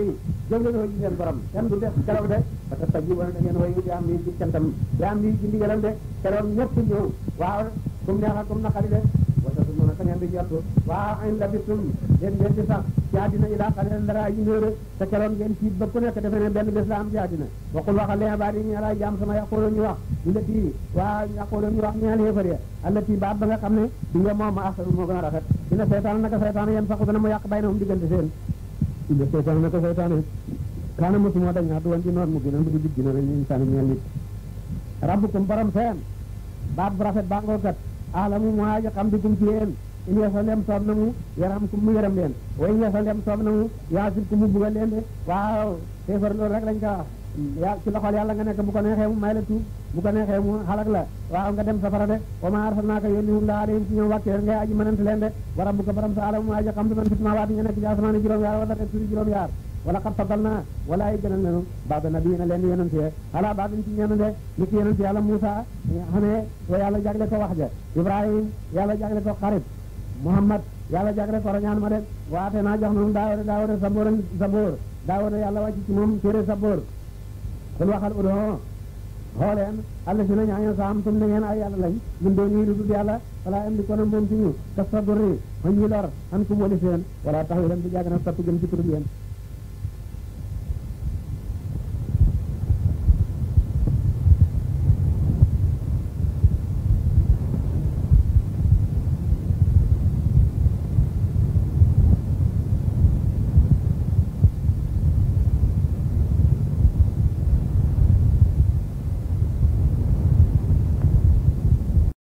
yi ñëpp jëngaloo ci seen borom kenn du def galaw de parce que ji wala da ngeen wayu di am lii ci cantam di am lii ci ndigalam de keroog ñëpp ñëw waaw kum neex ak kum a sangeen di jortu waaw ayn la bisum yéen ngeen ilaa xaleen dara yi néere te keroog ngeen tiit ba ku nekk defe ne benn bés la am ci àddina waxul waxal leen baat yi ñeelay la tii waaw yàqoolo ñu wax ñeel yéefar ya allati baat ba nga xam ne di moom ah, a rafet dina seytaan naka seytaan yéen saxu dana mu na moom diggante seen illa seytaane naka seytaane kaana mosumoo dañ naa duwan ci noon mu gën a mu di gën a rëy insaani ñeel nit rabbukum borom seen baat bu rafet baa ngoo kat aalamu mu haaja xam bikum ci yéen in yeesal leen soob na mu yaram kum mu yaram bugal leen de waaw feefar loolu rek lañ ko yàlla ci loxol yalla nga nek bu ko neexee mu may la tu bu ko neexee mu halak la wa nga dem safara de wa ma ka yoni hum la alayhim ci ñu wàccee nga aji mënante leen de wa rabbuka borom sa alam ma ja xam man fit maa waati nga nek ci asamaani juróom yaar wala ci juróom yaar wala qad tadalna wala ay gënal nanu baada nabiyina na yonante ala baadin ci ñenn de ni ci yonante yalla musa Moussa wa yalla jagle ko wax ja Ibrahim yalla jagle ko xarit Muhammad yalla jagle ko rañan ma de waate na jox noonu daawore daawore sabóor sabóor daawore yalla wacc ci mom tere sabóor kon waxal udoo xooleen àll si na ñaaño saam tum na ngeen ay yàlla lañ mun doo ñuy dudud yàlla wala am di kona moom ci ñu kas sa dorri ma ñuy lor an kum wali seen wala tax yi ren bu